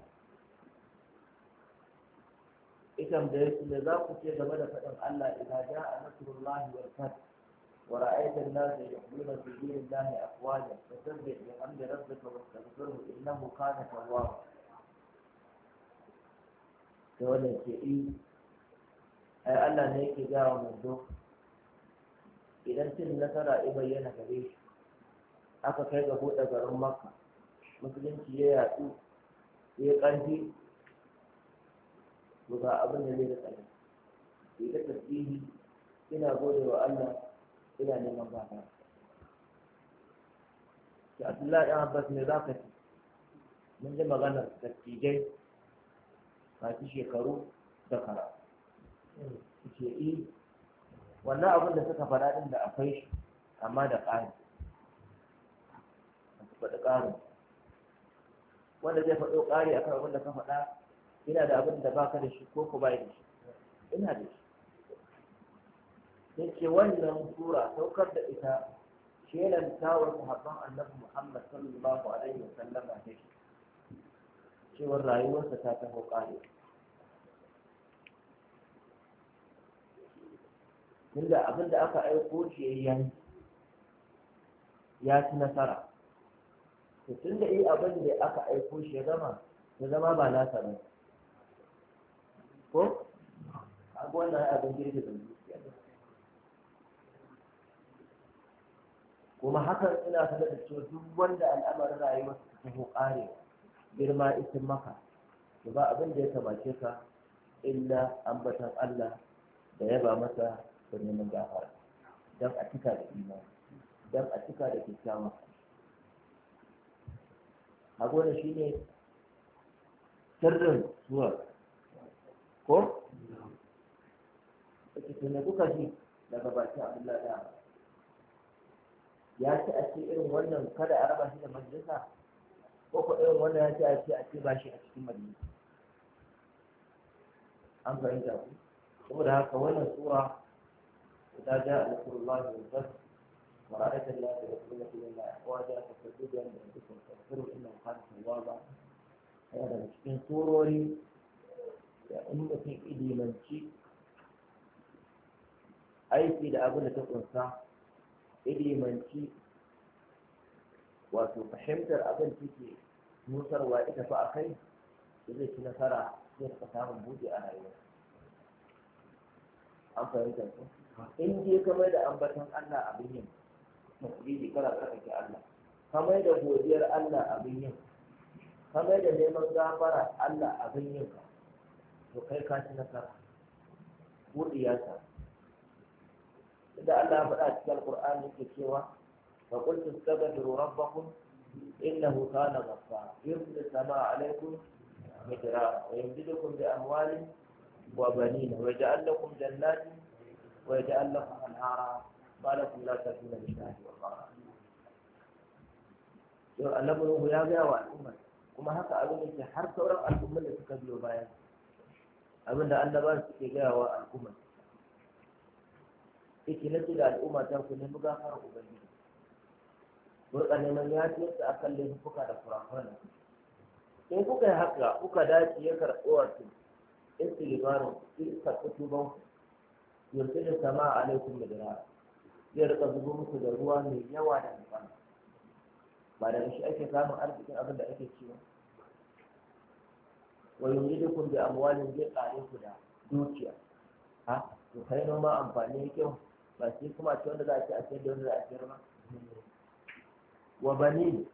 Speaker 1: ikan da yake ne za ku ce game da faɗin Allah idan ja'a nasrullahi wal fath ورأيت الناس يدخلون في دين الله أفواجا فسبح بحمد ربك واستغفره إنه كان توابا ta wannan ke yi eh, ai Allah ne yake wa manzo idan cin nasara ya bayyana gare shi aka kai ga buɗe garin maka musulunci ya yatsu ya ƙarfi ga abin da zai da tsare ya ta tasbihi ina gode wa Allah ina neman bata ki Abdullahi ɗan Abbas ne za ka ci mun ji maganar dattijai masu shekaru da kara ce eh, wannan abin da suka faɗa ɗin da akwai shi amma da ƙari faɗi ƙarin wanda zai faɗo ƙari akan abin da ka faɗa ina da abin da baka da shi ko ku bai da shi ina da shi yake wannan sura saukar da ita shelanta wa sahabban annabi Muhammad sallallahu alaihi wa sallama ne cewar rayuwarsa ta taho ƙari tunda abin da aka aiko shi ya yi ya ci nasara to tunda yi eh abin da aka aiko shi ya zama, ya zama ba nasa ba ko abu wannan abin girgi da zuciya kuma hakan ina sanar da cewa duk wanda al'amarin su ta taho kare girma isin maka ba abin da ya kamace ka illa ambatan Allah da yaba masa ka neman gafara don a cika da imani don a cika da kyakkyawan a gona shi ne sirrin zuwa ko? ake tunne kuka shi daga bakin abdullahi da ya ce a ce irin wannan kada a raba shi da majalisa ko ko irin wannan ya ce a ce a ce ba shi a cikin majalisa an fahimta ku da haka wannan tsura إذا جاء ذكر الله والذكر ورأيت الله بأسئلة إلا أحواجا فتجد أن أنفسكم تغفروا إلا مخالف الواضع هذا مش من صوروري يا أمتي إلي من شيك أي سيد أقول لك أنسى إلي من شيك وأتو فحمت الأبن فيكي نوصر وإذا فأخي إذا كنا فرع سير بودي أهلا أنت رجل فيه in je ka mai da ambatan Allah abin yin tasbihi kana tsarkake Allah ka mai da godiyar Allah abin yin ka mai da neman gafara Allah abin yin ka to kai ka ci nasara buɗi ya sa da Allah ya faɗa cikin Al-Qur'ani yake cewa fa qul tastaghfiru rabbakum innahu kana ghaffara yursilu samaa alaykum midrara wa yumdidukum bi amwalin wa banina wa yaj'al lakum jannatin ويجعل لكم أنهارا ما لكم لا تأتون بالله وقارا annabi Nuhu ya gaya wa al'umma kuma haka abin da ke har sauran al'ummar da suka biyo baya abin da annaba suke gaya wa al'umma yake nake da al'umma ta ku nemi gafara ubangiji burka neman ya ce a akan laifuka da kurakuran in kuka yi haka kuka dace ya karɓi wato istighfarin sai karɓi tuban ku yursilu samaa alaikum midrar zai rika zubo musu da ruwa mai yawa da nufa ba daga shi ake samun arzikin abin da ake ci ba wa yuridukum bi amwalin zai kare ku da dukiya ha to kai noma amfani kyau ba sai kuma ce wanda za a ci a sayar da wanda za a sayar ba wa bani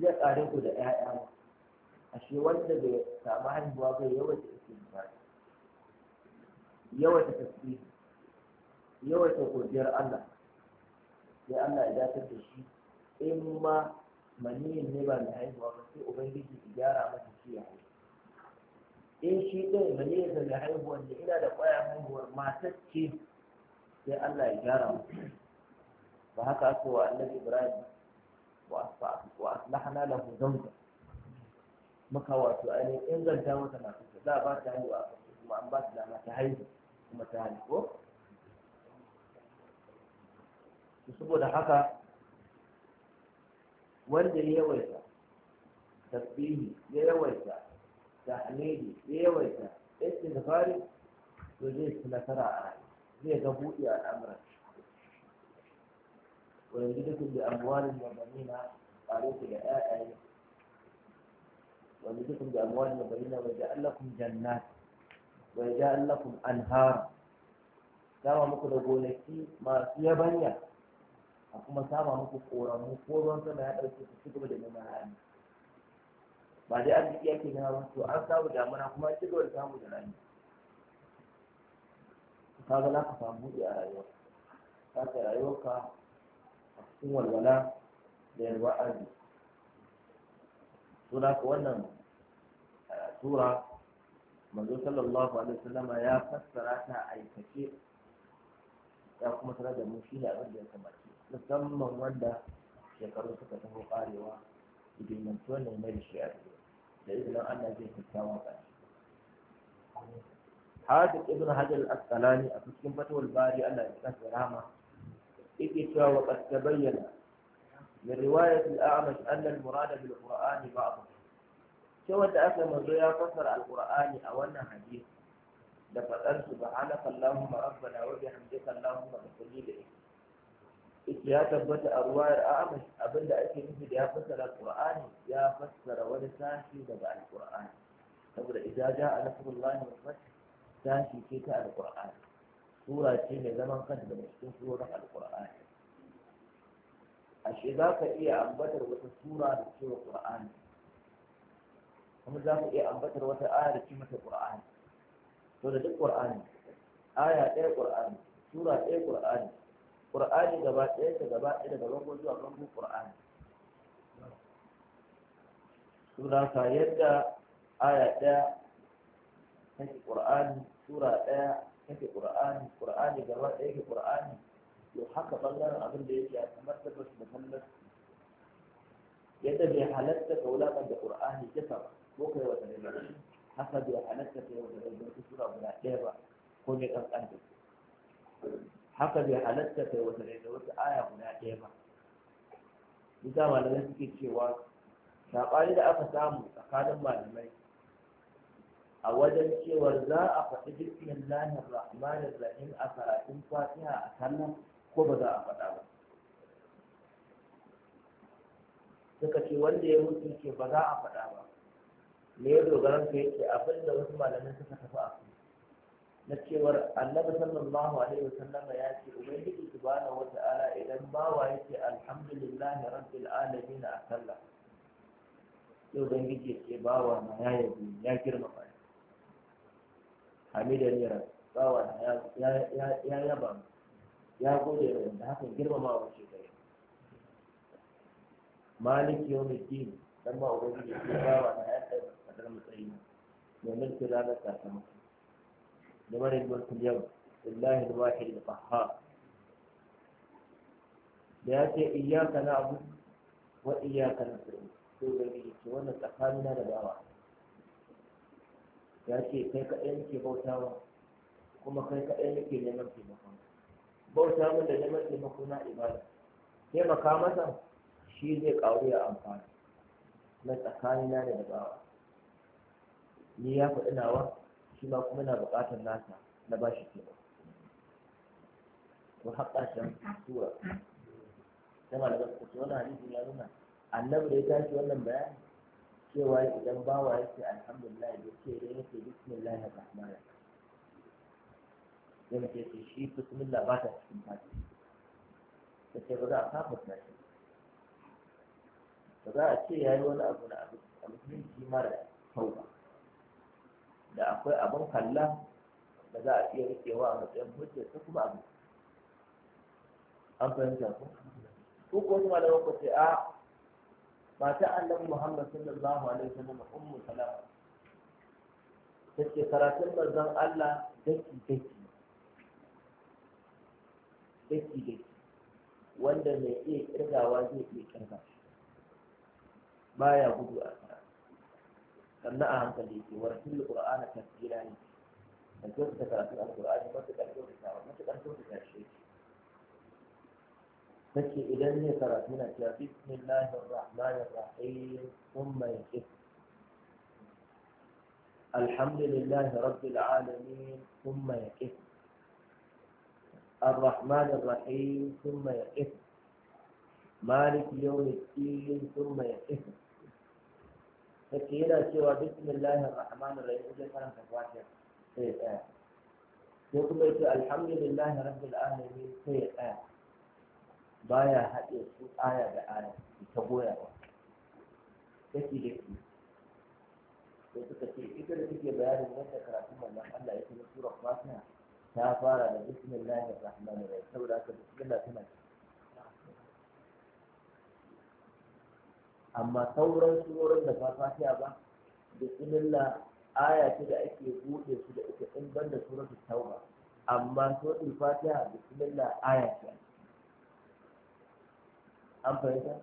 Speaker 1: zai kare ku da ƴaƴa ba ashe wanda bai samu haihuwa ba yawaita yawa ta tasbihi yawaita godiyar Allah sai Allah ya dakatar da shi in ma maniyin ne ba mai haihuwa ba sai ubangiji ya gyara masa shi ya haihu in shi din maniyin da mai haihuwa ne ina da ƙwayar haihuwar matar ce sai Allah ya gyara masa ba haka aka wa annabi Ibrahim wa aslahna lahu zawja maka wato ainihin inganta mata matarsa za a ba ta haihuwa kuma an ba ta dama ta haihu kuma ta haihu saboda haka wanda ya yawaita tasbihi ya yawaita tahmidi ya yawaita istighfari to zai ci nasara a rai zai ga buɗe a al'amura wa yanzu dukkan da amwalin da banina ƙare da ƴaƴaye wa yanzu dukkan da amwalin da banina wa ja'al lakum jannat wa ja'al lakum anhar dama muku da gonaki masu yabanya a kuma sama muku mu. ko ruwan sama ya ɗauke ku cigaba gaba da neman rani ba dai arziki ake gina ba to an samu damuna kuma an cigaba da samu da rani ka ga za ka samu buɗe a rayuwa ka ta ka a cikin walwala da yarwa arziki to da ka wannan tura manzo sallallahu alaihi sallama ya fassara ta aikace ya kuma sanar da mu shi ne abin da ya kamace musamman wanda shekaru suka taho karewa ilimantu ne mai da shi a da izinin Allah zai kyakkyawa ba Hadis ibn Hajar al-Asqalani a cikin fatawar bari Allah ya kasa rahama yake cewa wa qad tabayyana min riwayat al-A'mash anna al-murada bil Qur'ani ba'd cewa da aka manzo ya fassara al-Qur'ani a wannan hadisi da fadar subhanaka allahumma rabbana wa bihamdika allahumma salli da ya tabbata a ruwayar amish abinda ake nufi da ya fassara Qur'ani ya fassara wani sashi daga Al-Qur'ani saboda idza ja'a nasrullahi wal fath sashi ke ta Al-Qur'ani sura ce mai zaman kanta daga cikin surar Al-Qur'ani ashe za ka iya ambatar wata sura da cewa Qur'ani kuma za ka iya ambatar wata aya da ce mata Qur'ani to da duk Qur'ani aya ɗaya Qur'ani sura ɗaya Qur'ani ƙur'ani gaba ɗaya ta gaba ɗaya daga bango zuwa bango ƙur'ani sura ka yadda aya ɗaya take ƙur'ani sura ɗaya take ƙur'ani ƙur'ani gaba ɗaya ke ƙur'ani to haka ɓangaren abin da yake a kamar tabbas da kallar yadda bai halatta ka da ƙur'ani kisa ba ko kai wata ne haka bai halatta ka yi da ne sura guda ɗaya ba ko mai ƙanƙanta haka bai halatta kai wata da wata aya guda ɗaya ba duka malamai suke cewa saɓani da aka samu tsakanin malamai a wajen cewar za a faɗi bismin lahir rahmanin rahim a karatun fatiha a sallan ko ba za a faɗa ba suka ce wanda ya mutu ce ba za a faɗa ba me ya dogara ka yake abin da wasu malamai suka tafi a kuma na cewar annabi sallallahu alaihi wasallam ya ce ubangiji subhanahu wata'ala idan bawa yake alhamdulillahi rabbil alamin a sallah sai ke ce bawa na ya yabi ya girmama ba hamida ne ran bawa na ya yaba ya gode da wanda hakan girmama wa ce gare maliki yau mai dini dan ba ubangiji ce bawa na ya tsaye a matsayi domin kira da sakamako لمن الملك اليوم لله الواحد القهار da iyaka na abu wa iyaka na tsoro to gari ce wannan tsakanina da bawa ya ce kai kaɗai nake bautawa kuma kai kaɗai nake neman taimakon bauta min da neman taimako na ibada taimaka masa shi zai ƙaru amfani na tsakanina da bawa ni ya faɗi kima kuma na buƙatar nasa na ba shi kenan ko har ƙarshen sura ta malamai suka ce wannan hadisi ya nuna annabi da ya tashi wannan bayani cewa idan bawa ya ce alhamdulillah ya ce da ya ce bismillah rahman ya mace ce shi bismillah ba ta cikin fati ta ce ba za a kafa ta shi ba za a ce ya yi wani abu na abu a musulunci mara tauba da akwai abin kalla da za a iya rikewa a matsayin hujjar ta kuma abu an fahimta ku ko ko kuma da ku ce a mata annabi Muhammad sallallahu alaihi wasallam ummu salama take karatun manzon Allah daki daki daki daki wanda mai iya kirgawa zai iya kirga baya gudu a sannan a hankali yake warfin alƙur'ana tafsira ne da kyautata karatun alƙur'ani matuƙar kyautata wa matuƙar kyautata shi take idan ne karatu na cewa bismillahir rahmanir rahim thumma yakif alhamdulillahi rabbil alamin thumma yakif الرحمن الرحيم ثم يقف مالك يوم الدين ثم يقف take yana cewa bismillahir rahmanir rahim zai karanta fatiha sai tsaya sai kuma yace alhamdulillahi rabbil alamin sai tsaya baya haɗe su aya da aya ta goyawa daki daki sai suka ce ita da take bayanin yadda karatun manzon Allah yake na surar fatiha ta fara da bismillahir rahmanir rahim saboda haka bismillah tana amma sauran surorin da ba fatiha ba bismillah aya ce da ake buɗe su da ita in banda suratul tauba amma suratul fatiha bismillah aya ce an fahimta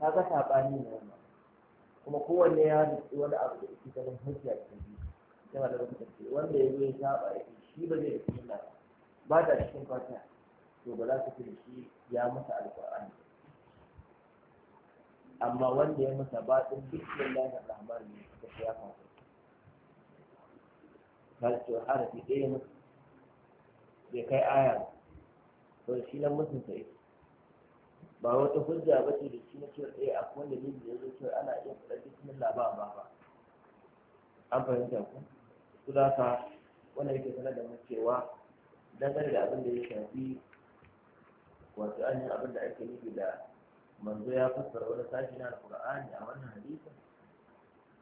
Speaker 1: Ta ga sabani ne wannan kuma kowanne ya rufe wani abu da yake ganin hujja ce sai da ta ce wanda ya zo ya saba yake shi ba zai bismillah ba da cikin fatiha to ba za ka fi da shi ya masa alƙur'ani amma wanda ya masa batsin bismillahir rahmanir rahim ne da ya kafa kar to harafi ɗaya ne bai kai aya to shi nan mutum sai ba wata hujja ba ce da shi na cewa ɗaya a kowane lili da ya zo cewa ana iya faɗa bismillah ba ba ba an fahimta ku su za ka wanda yake sanar da mu cewa dangane da abin da ya shafi wato ainihin abin da ake nufi da manzo ya fassara wani sashi na alqur'ani a wannan hadisin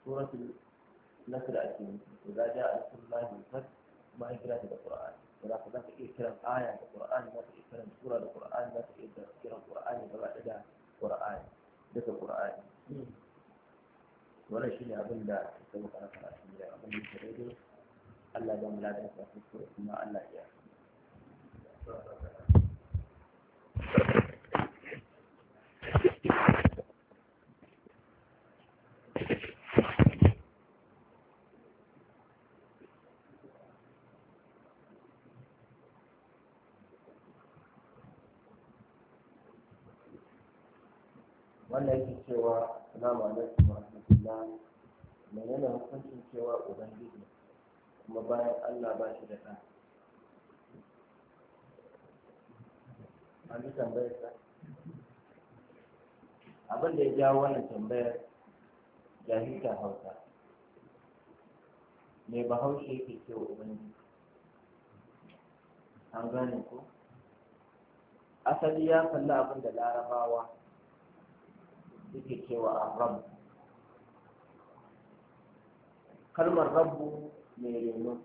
Speaker 1: suratul nasr a cikin idza jaa nasrullahi wal fath ma kira da qur'ani da ka zaka iya kiran aya da qur'ani zaka iya kiran sura da qur'ani zaka iya kiran qur'ani gaba da qur'ani duka qur'ani wannan shine abin da sai muka rasa a cikin abin da ke da Allah ya mu ladan ka kuma Allah ya Thank you. wannan yake cewa salamu alaikum wa rahmatullah menene hukuncin cewa ubangiji kuma bayan allah ba shi da ɗan. an ji tambayar abin da ya jawo wannan tambayar jahilta hausa mai bahaushe yake cewa ubangiji an gane ko asali ya kalli abin da larabawa suke cewa a ram kalmar rabu mai reno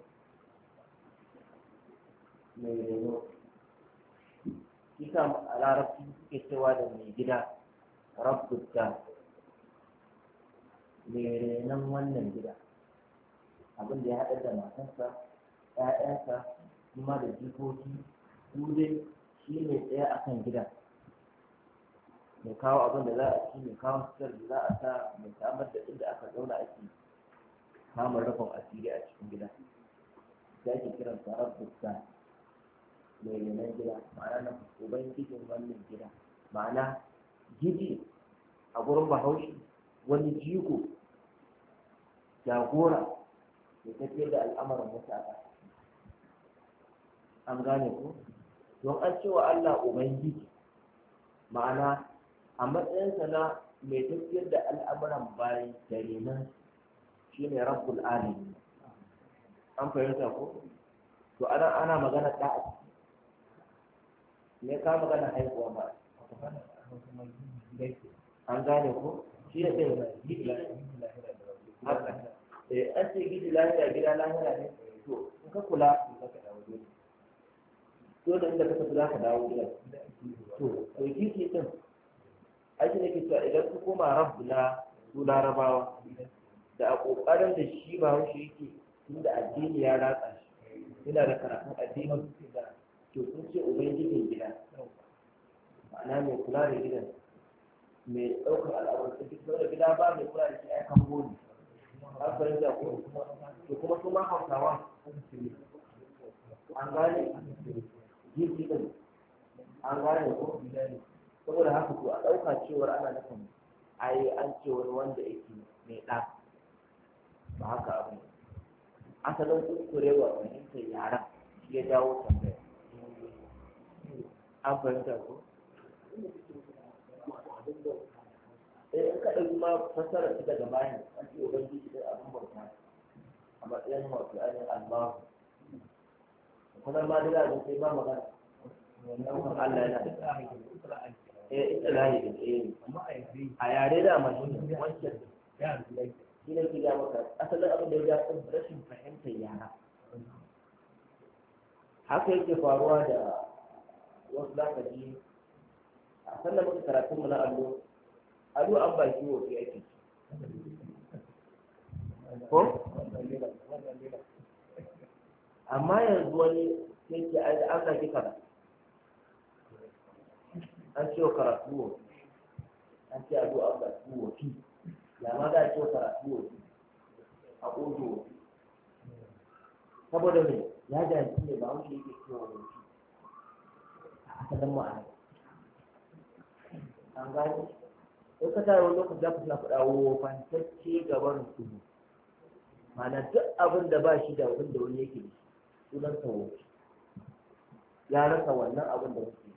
Speaker 1: mai reno kisa a larabci suke cewa da mai gida rabbuta mere nan wannan gida abin da ya haɗa da matarsa ƴaƴansa, kuma da jikoki dai shi ne tsaye a kan gida mai kawo abin da za a ci mai kawo sitar da za a sa mai samar da inda aka zauna ake samun rufin asiri a cikin gida da ake kiran sa rabbuta mai renon gida ma'ana na ubangijin wannan gida ma'ana gidi a gurin bahaushe wani jiko, jagora da tafiyar da al'amarin mutane an gane ku don an cewa allah ubangiji ma'ana a matsayinsa na mai tafiyar da al'amuran bayan da renan shi ne rabbul alamin an fahimta ko to ana ana magana da'a ne ka magana haihuwa ba an gane ko shi ya ce gidi haka eh an ce gidi lahira gida lahira ne to in ka kula dole inda ka tafi za ka dawo gidan to to gidi din ake ke cewa idan ka koma rabbuna su larabawa da a ƙoƙarin da shi ba wuce yake inda addini ya ratsa shi yana da karatun da, to sun ce ubangijin gida Ana mai kula da gidan mai ɗaukar al'amuran su duk da gida ba mai kula da shi a kan goni har farin da kuma to kuma su ma hausawa an gane jiki din an gane ko saboda haka to a ɗauka cewar ana nufin ai an ce wani wanda yake mai ɗa ba haka abu asalin kuskurewa fahimtar yara ya dawo tambaya an fahimta ko eh in ka ɗauki ma fassara shi daga bayan an ce shi dai abin bauta a matsayin wato ainihin allahu kuma ma dai da sai ba magana Wannan Allah yana da eh ita lahi din eh a yare da ma shi wancan shi ne ke ga maka asalin abin da ya ga rashin fahimtar yara haka yake faruwa da wasu zaka ji a sannan muka karatun mu na allo allo an ba shi wofi ake ko amma yanzu wani sai ce an da an zaki karatu an ce karatu wofi an ce allo an ba shi wofi ya ma za a ce karatu wofi a ƙojo wofi saboda ne ya jahilci ne ba wani yake cewa wofi a kasar ma'ana an gani ko ka tare wani lokaci da ku suna faɗa wofantacce gaban kudu mana duk abin da ba shi da abin da wani yake sunan sa wofi ya rasa wannan abin da kuke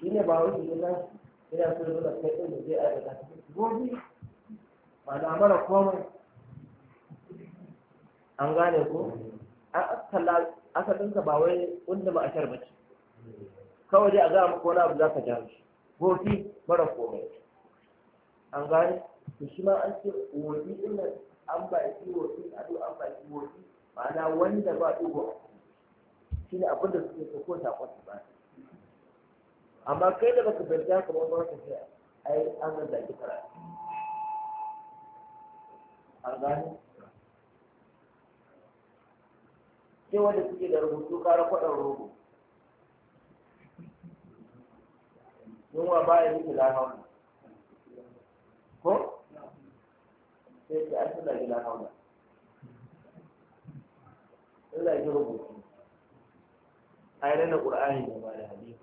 Speaker 1: shi ne ba wani ne nashi ina so da kai ɗin da zai aikata ta gobe mana mara komai an gane ko an asalin ka ba wai wanda ba a shar bace kawai dai a ga maka wani abu za ka ja wofi mara komai an gane to shi ma an ce wofi din nan an ba shi wofi do an ba shi wofi ma'ana wanda ba dugo shi ne abinda suke so ko sakon su ba amma kai da baka bada ka ba ka sai ai an da ki fara an gane sai wanda suke da rubutu kara kwaɗan rubutu yunwa ba ya nufi lahauna ko sai ce an tuna gina hauna Allah ya rubutu a yi rana ƙur'ani da ba da hadisi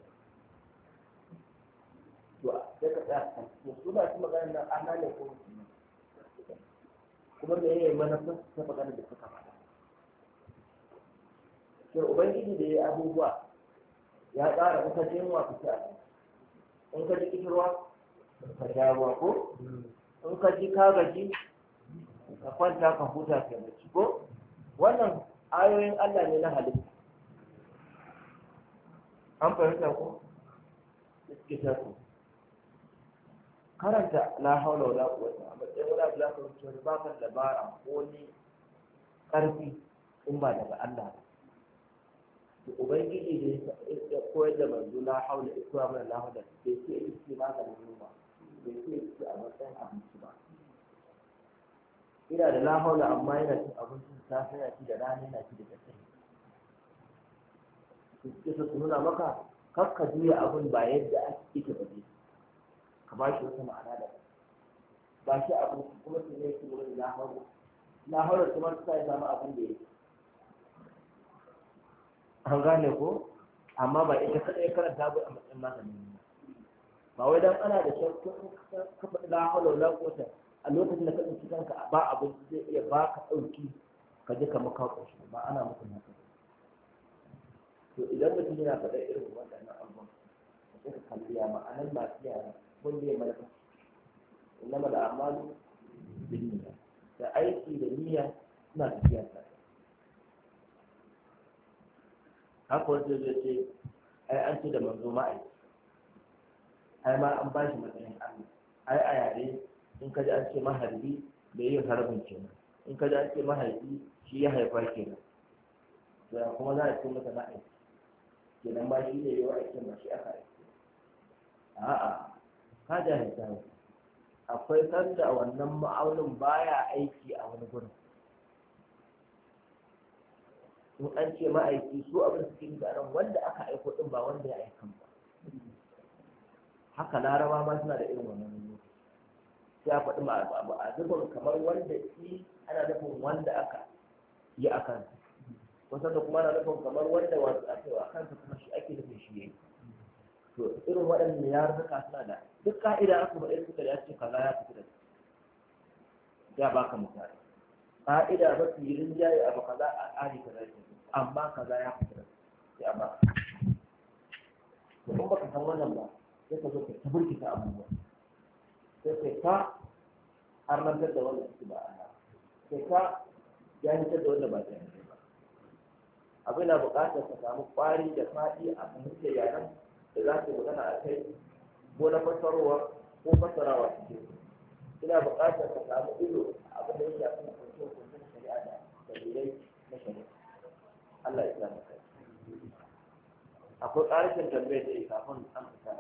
Speaker 1: to sai ka ɗaya kan su ba su magana nan an nane ko kuma me yayi sun ta magana da suka faɗa sai ubangiji da ya yi abubuwa ya tsara kusa jinwa kusa a in ka ji kishirwa ka sha ko in ka ji ka gaji ka kwanta ka huta ka gaji ko wannan ayoyin Allah ne na halitta an fahimta ko suke tafi karanta la haula wala quwwata a matsayin wani abu za ka rubuta ba ka dabara ko ni karfi in ba daga Allah ba ubangiji ne ya koyar da manzo na haula ikuwa mana lahada, haula bai ce iski maganin ba bai ce iski a matsayin abinci ba ina da na haula amma yana cin abincin safe yana ci da rana yana ci da daddare su ce su nuna maka kar ka juya abin ba yadda ake ita ba ne ka ba shi wata ma'ana da ba shi abinci kuma su ne su wurin na haula haula kuma su sa ya samu abin da ya an gane ko amma ba ita kada ya karanta ba a matsayin maganin ba wai dan ana da ko ka ba la hawla la quwwata a lokacin da ka tsinci kanka ba abu zai iya baka ka ɗauki ka je ka maka ƙoshi ba ana muku haka to idan mutum yana faɗa irin waɗannan abubuwan sai ka kalli ya ma'anar masu yara wanda ya mallaka innama da amalu bil niyya da aiki da niyya suna tafiya tare haka wanda zai ce ai an ce da manzo ma ai ma an ba shi matsayin allah ai a yare in ka ji an ce maharbi bai yin harbin kenan in ka ji an ce mahaifi shi ya haifa kenan da kuma za a ce masa ke kenan ba shi ne yawa aikin ba shi aka aiki a'a ka jahilta akwai sanda wannan ma'aunin baya aiki a wani gurin in an ce ma'aiki su abin suke yi da wanda aka aiko din ba wanda ya aika ba haka laraba ma suna da irin wannan sai aka faɗi abu a zubin kamar wanda shi ana nufin wanda aka yi a kansa wasan da kuma ana nufin kamar wanda wasu ake wa a kansa kuma shi ake nufin shi yayi to irin waɗanda yarurruka suna da duk ka'ida aka ba irin suka da ya ce kaza ya fita da ya baka misali ka'ida yi rinjaye abu kaza a tsari kaza ne amma kaza ya fita ya ba to kuma baka san wannan ba sai ka zo ka taburkita abubuwa sai ka ta armantar da wanda suke ba a sai ka jahantar da wanda ba ta jahantar ba Abu na buƙatar ka samu ƙwari da faɗi a fahimtar yaren da za ka magana a kai ko na fassarwa ko fassarawa cikin ina buƙatar ka samu ido abin da ya shafi hukuncin kwanciyar shari'a da dalilai na shari'a Allah ya samu kai akwai ƙarshen tambayar da kafin an fita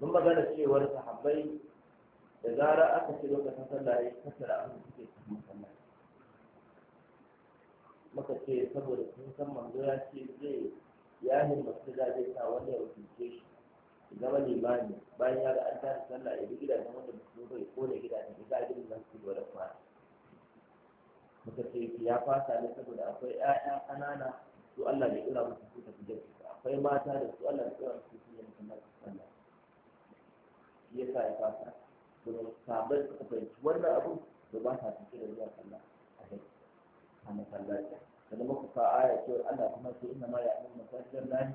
Speaker 1: mun magana cewar sahabbai da zara aka ce lokacin sallah ya kasara an suke cikin sallah muka ce saboda sun san manzo ya ce zai ya su da zai sa wanda ya wakilce shi zama limani bayan ya ga an tara sallah ya bi gidajen wanda musulmi bai kone gidajen ya ga gidan su da kwana muka ce ya fasa ne saboda akwai ƴaƴa ƙanana su Allah bai kira musu su tafi da su akwai mata da su Allah bai kira musu su yi musamman su sallah shi yasa ya fasa domin sabai suka fahimci wannan abu da ba sa tafi da zuwa sallah a kai a masallaci sannan ku fa ya ce Allah kuma ce ina ma ya'lamu masajidar lahi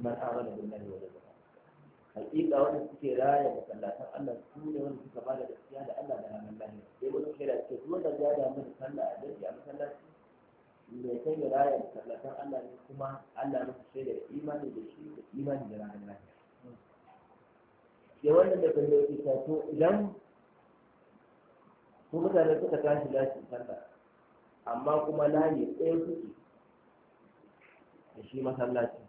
Speaker 1: man amana billahi wa rasulihi hakika wanda suke raya masallatan Allah su ne wanda suka bada gaskiya da Allah da ranar lahira sai wani kira ce su wanda ya da mun sallah a daji a masallaci mai kai da raya masallatan Allah ne kuma Allah ne su da imani da shi da imani da ranar lahira sai wannan da kallo ke ta to idan su mutane suka tashi lashin sallah amma kuma layi ɗaya suke da shi masallaci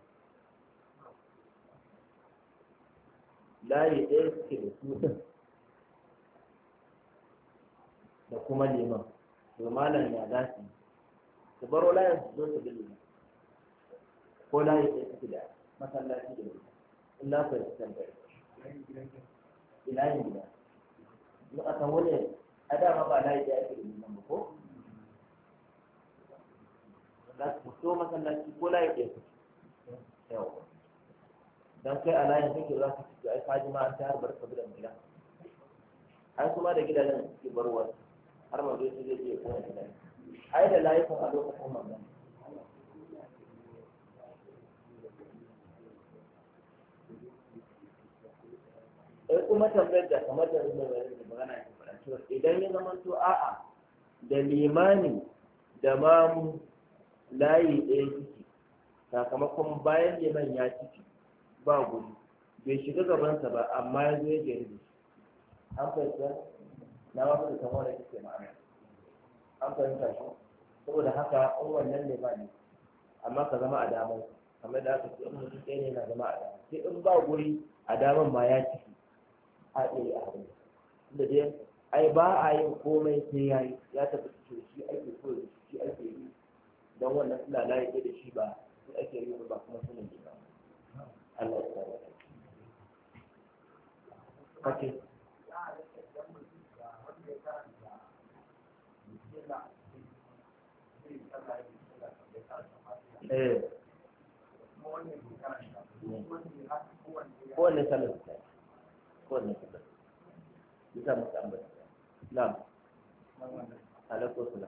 Speaker 1: layi ɗaya suke da su ɗin da kuma liman to malam ya za su su baro layin su zo su bi ko layi ɗaya suke da masallaci da liman in na fahimci Ina yin gida in san wani a dama ba layi ɗaya ake da liman ba ko za su fito masallaci ko layi ɗaya suke yawa dan kai a layin kake za ka fito ai faji ma an ta bar ka bidan gida ai kuma da gidajen suke barwar har ma zai zai je kuma gida ai da layukan a lokacin manzan sai kuma tambayar da kamar da zuwa wani da magana ke faɗa idan ya zama to a'a da limani da mamu layi ɗaya ciki sakamakon bayan liman ya ciki ba gudu bai shiga gabansa ba amma ya zo ya shi an fahimta na wasu da kamar da ma'ana an fahimta shi saboda haka in wannan ne ba ne amma ka zama a damar kamar da aka ce in mutum na zama a damar sai in ba guri a damar ma ya ciki a ɗaya a ai ba a komai sai ya yi ya tafi cikin shi ake da Allah ya tsare kace eh kowanne sallar ta kowanne sallar bisa musamman na alaƙo suna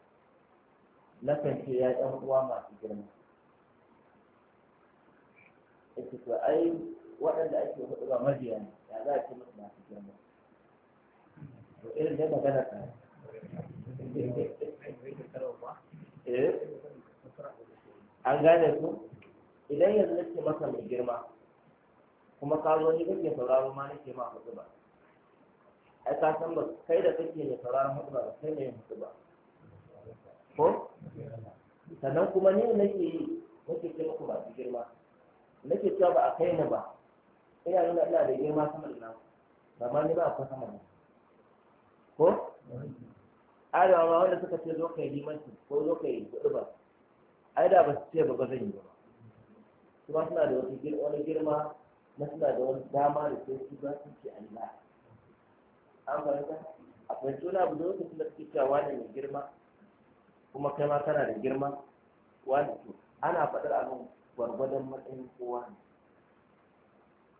Speaker 1: kan ce ya ɗan uwa masu girma a to ai waɗanda ake hudu ba mabiya ne ya za a ce musu masu girma to irin dai magana ta eh an gane ku idan yanzu nake masa mai girma kuma ka zo ni kake sauraro ma nake ma hudu ba ai ka san ba kai da kake mai sauraron hudu ba kai ne hudu ba ko sannan kuma ni nake yi nake ce muku masu girma nake cewa ba a kai ni ba ina nuna ina da girma sama da nan ba ma ni ba akwai sama da ko ai ba wanda suka ce zo kai limanci ko zo kai kuɗi ba ai da ba su ce ba ba zan yi ba kuma suna da wani girma na suna da wani dama da sai su ba su ce Allah an fahimta Akwai fahimci wani abu da wata suna suke cewa wani mai girma kuma kai ma kana da girma wani to ana faɗar abin gwargwadon matsayin kowa ne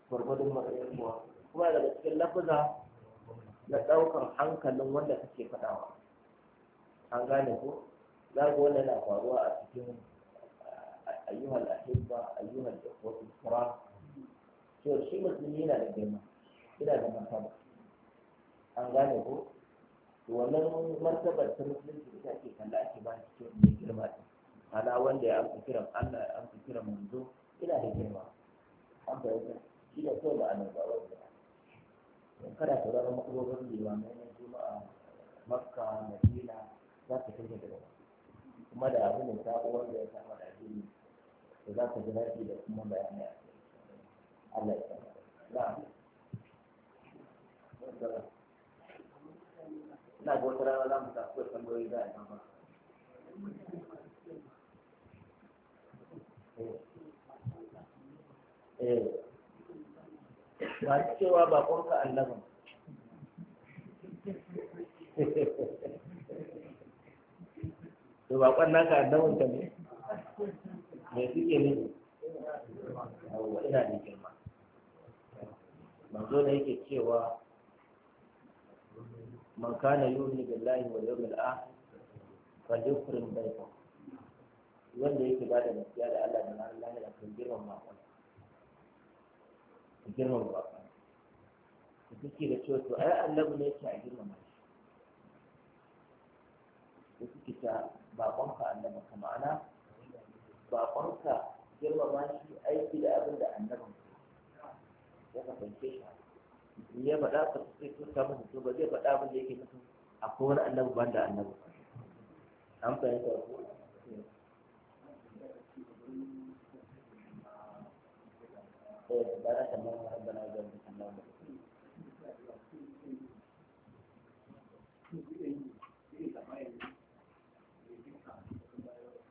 Speaker 1: gwargwadon matsayin kowa kuma daga cikin lafuza na ɗaukar hankalin wanda kake faɗawa an gane ko za ga wannan na faruwa a cikin ayyuhal ahibba ayyuhal ikhwatu kura. to shi musulmi yana da girma yana da martaba an gane ko wannan martabar ta musulunci da ake kalla ake ba shi kyau mai girma ce ana wanda ya amsa kiran Allah ya amsa kiran manzo ina da girma an bayyana shi da kyau ba a nan ba wanda kada sauraron makulobin limamai na a makka madina za ka kai daga kuma da abin da ta uwar da ya samu da addini da za ka ji da kuma bayanai a Allah ya samu ina ga wata rana za mu sa kuwa tambayoyi za a yi eh. Eh. ba masu cewa bakonka annabin to bakon naka annabin ka ne mai suke ne ina da girma manzo da yake cewa man kana yu'minu billahi wal yawmil akhir falyukrim baita wanda yake ba da gaskiya da Allah da ranar lahira kan girman makon ka girman makon ka suke da cewa to ai annabi ne yake a girmama shi da suke ta bakonka annabi ka ma'ana bakonka girmama shi aiki da abin da annabin ya kasance shi ya faɗa ka sai ka samu hoto ba zai faɗa abin da yake kasan akwai wani annabi ban da annabi an fahimta ko بارك الله ربنا وجل الله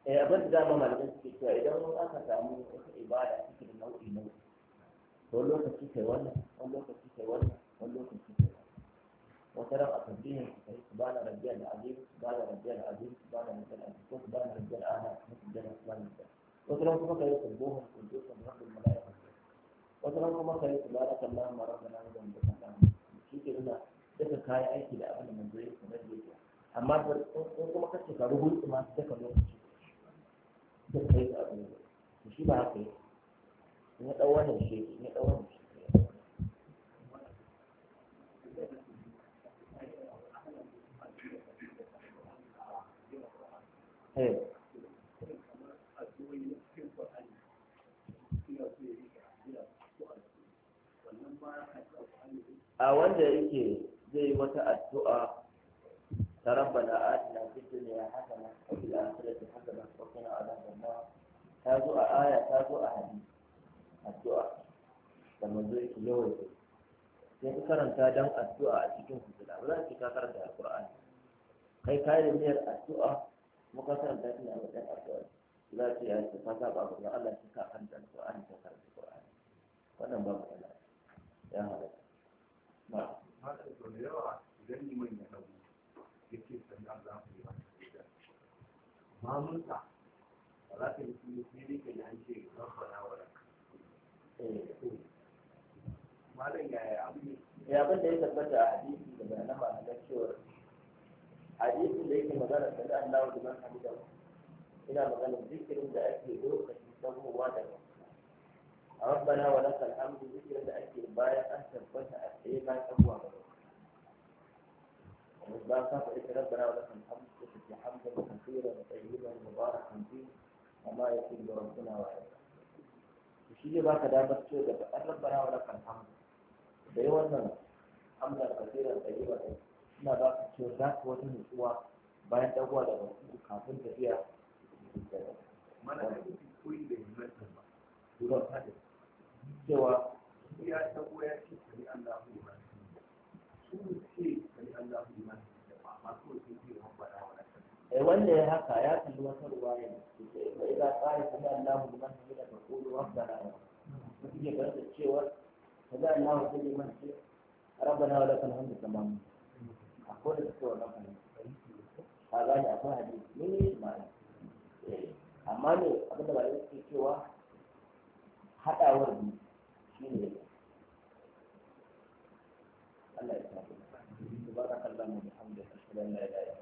Speaker 1: eh abin da dama malamin suke cewa idan aka samu wata ibada cikin nau'i nau'i ko lokaci kai wannan wani lokaci kai wannan wani lokaci kai wata ran a tambayin su kai su bana rabbiyal azim su bana azim su bana rabbiyal azim ko su bana rabbiyal da ana su bana rabbiyal azim wata ran kuma kai sabbohun kudusan rabbul malaika wata ran kuma kai bana marabbana da wanda ka shi ke nuna duka kayan aiki da abin da manzo ya kuma da yake amma in kuma kace ka rubuta ma duka lokaci da kai da abin da shi ba haka yake in ya shi in ya Eh. a wanda yake zai wata addu'a ta rabbana atina fid haka na wa fil akhirati hasana wa qina adhaban nar ta zo a aya ta zo a hadi addu'a da manzo yake yawan sai ka karanta dan addu'a a cikin hujja ba za ka karanta alqur'ani kai kai da niyyar addu'a muka san da ina wajen addu'a za ta yi ta fata ba ga Allah ta ka kan Qur'ani ta karanta Qur'ani wannan ba mu yana ya halatta Ba ma da to da yawa idan ni mun ya dawo yake sannan za mu yi ba ma mun ta ba za ka yi ne ne ke nan ce ba fara wa ranka eh malam ya yaya abin ya abin da ya tabbata a hadisi daga nan ba na cewar حديث ليس مجالا مغانا فلا لا وجمع حديث الله إلى مغانا ذكر لأكل دوق حديثه وادم ربنا ولك الحمد ذكر لأكل باية أحسن فتح أحيما أبوى مدوك ومجبان صاف ربنا ولك الحمد ذكر حمدا كثيرا وطيبا مباركا فيه وما يكون ربنا وعيدا وشيء باك دابت شوية فأربنا ولك الحمد بيوانا حمدا كثيرا طيبا أحسن suna ba su su wata nutsuwa bayan dagowa da wasu kafin tafiya mana da koyi da ba cewa ya tago ya ce kari Allah mu ba su ce kari Allah mu ba ba ma ce ba da wannan eh wanda ya haka ya kalli wata ruwaya ne ce ba idza qala kari Allah mu ba ne da qulu rabbana wa cewa kaza Allah mu ba ne rabbana wa lakal hamdu tamam akwai da suke wannan fahimta ka gane akwai hadisi ne eh, ne ne, amma ne abin da malamai suke cewa haɗawar ne shi ne Allah ya tafi. da wa da ashhadu da la ilaha illa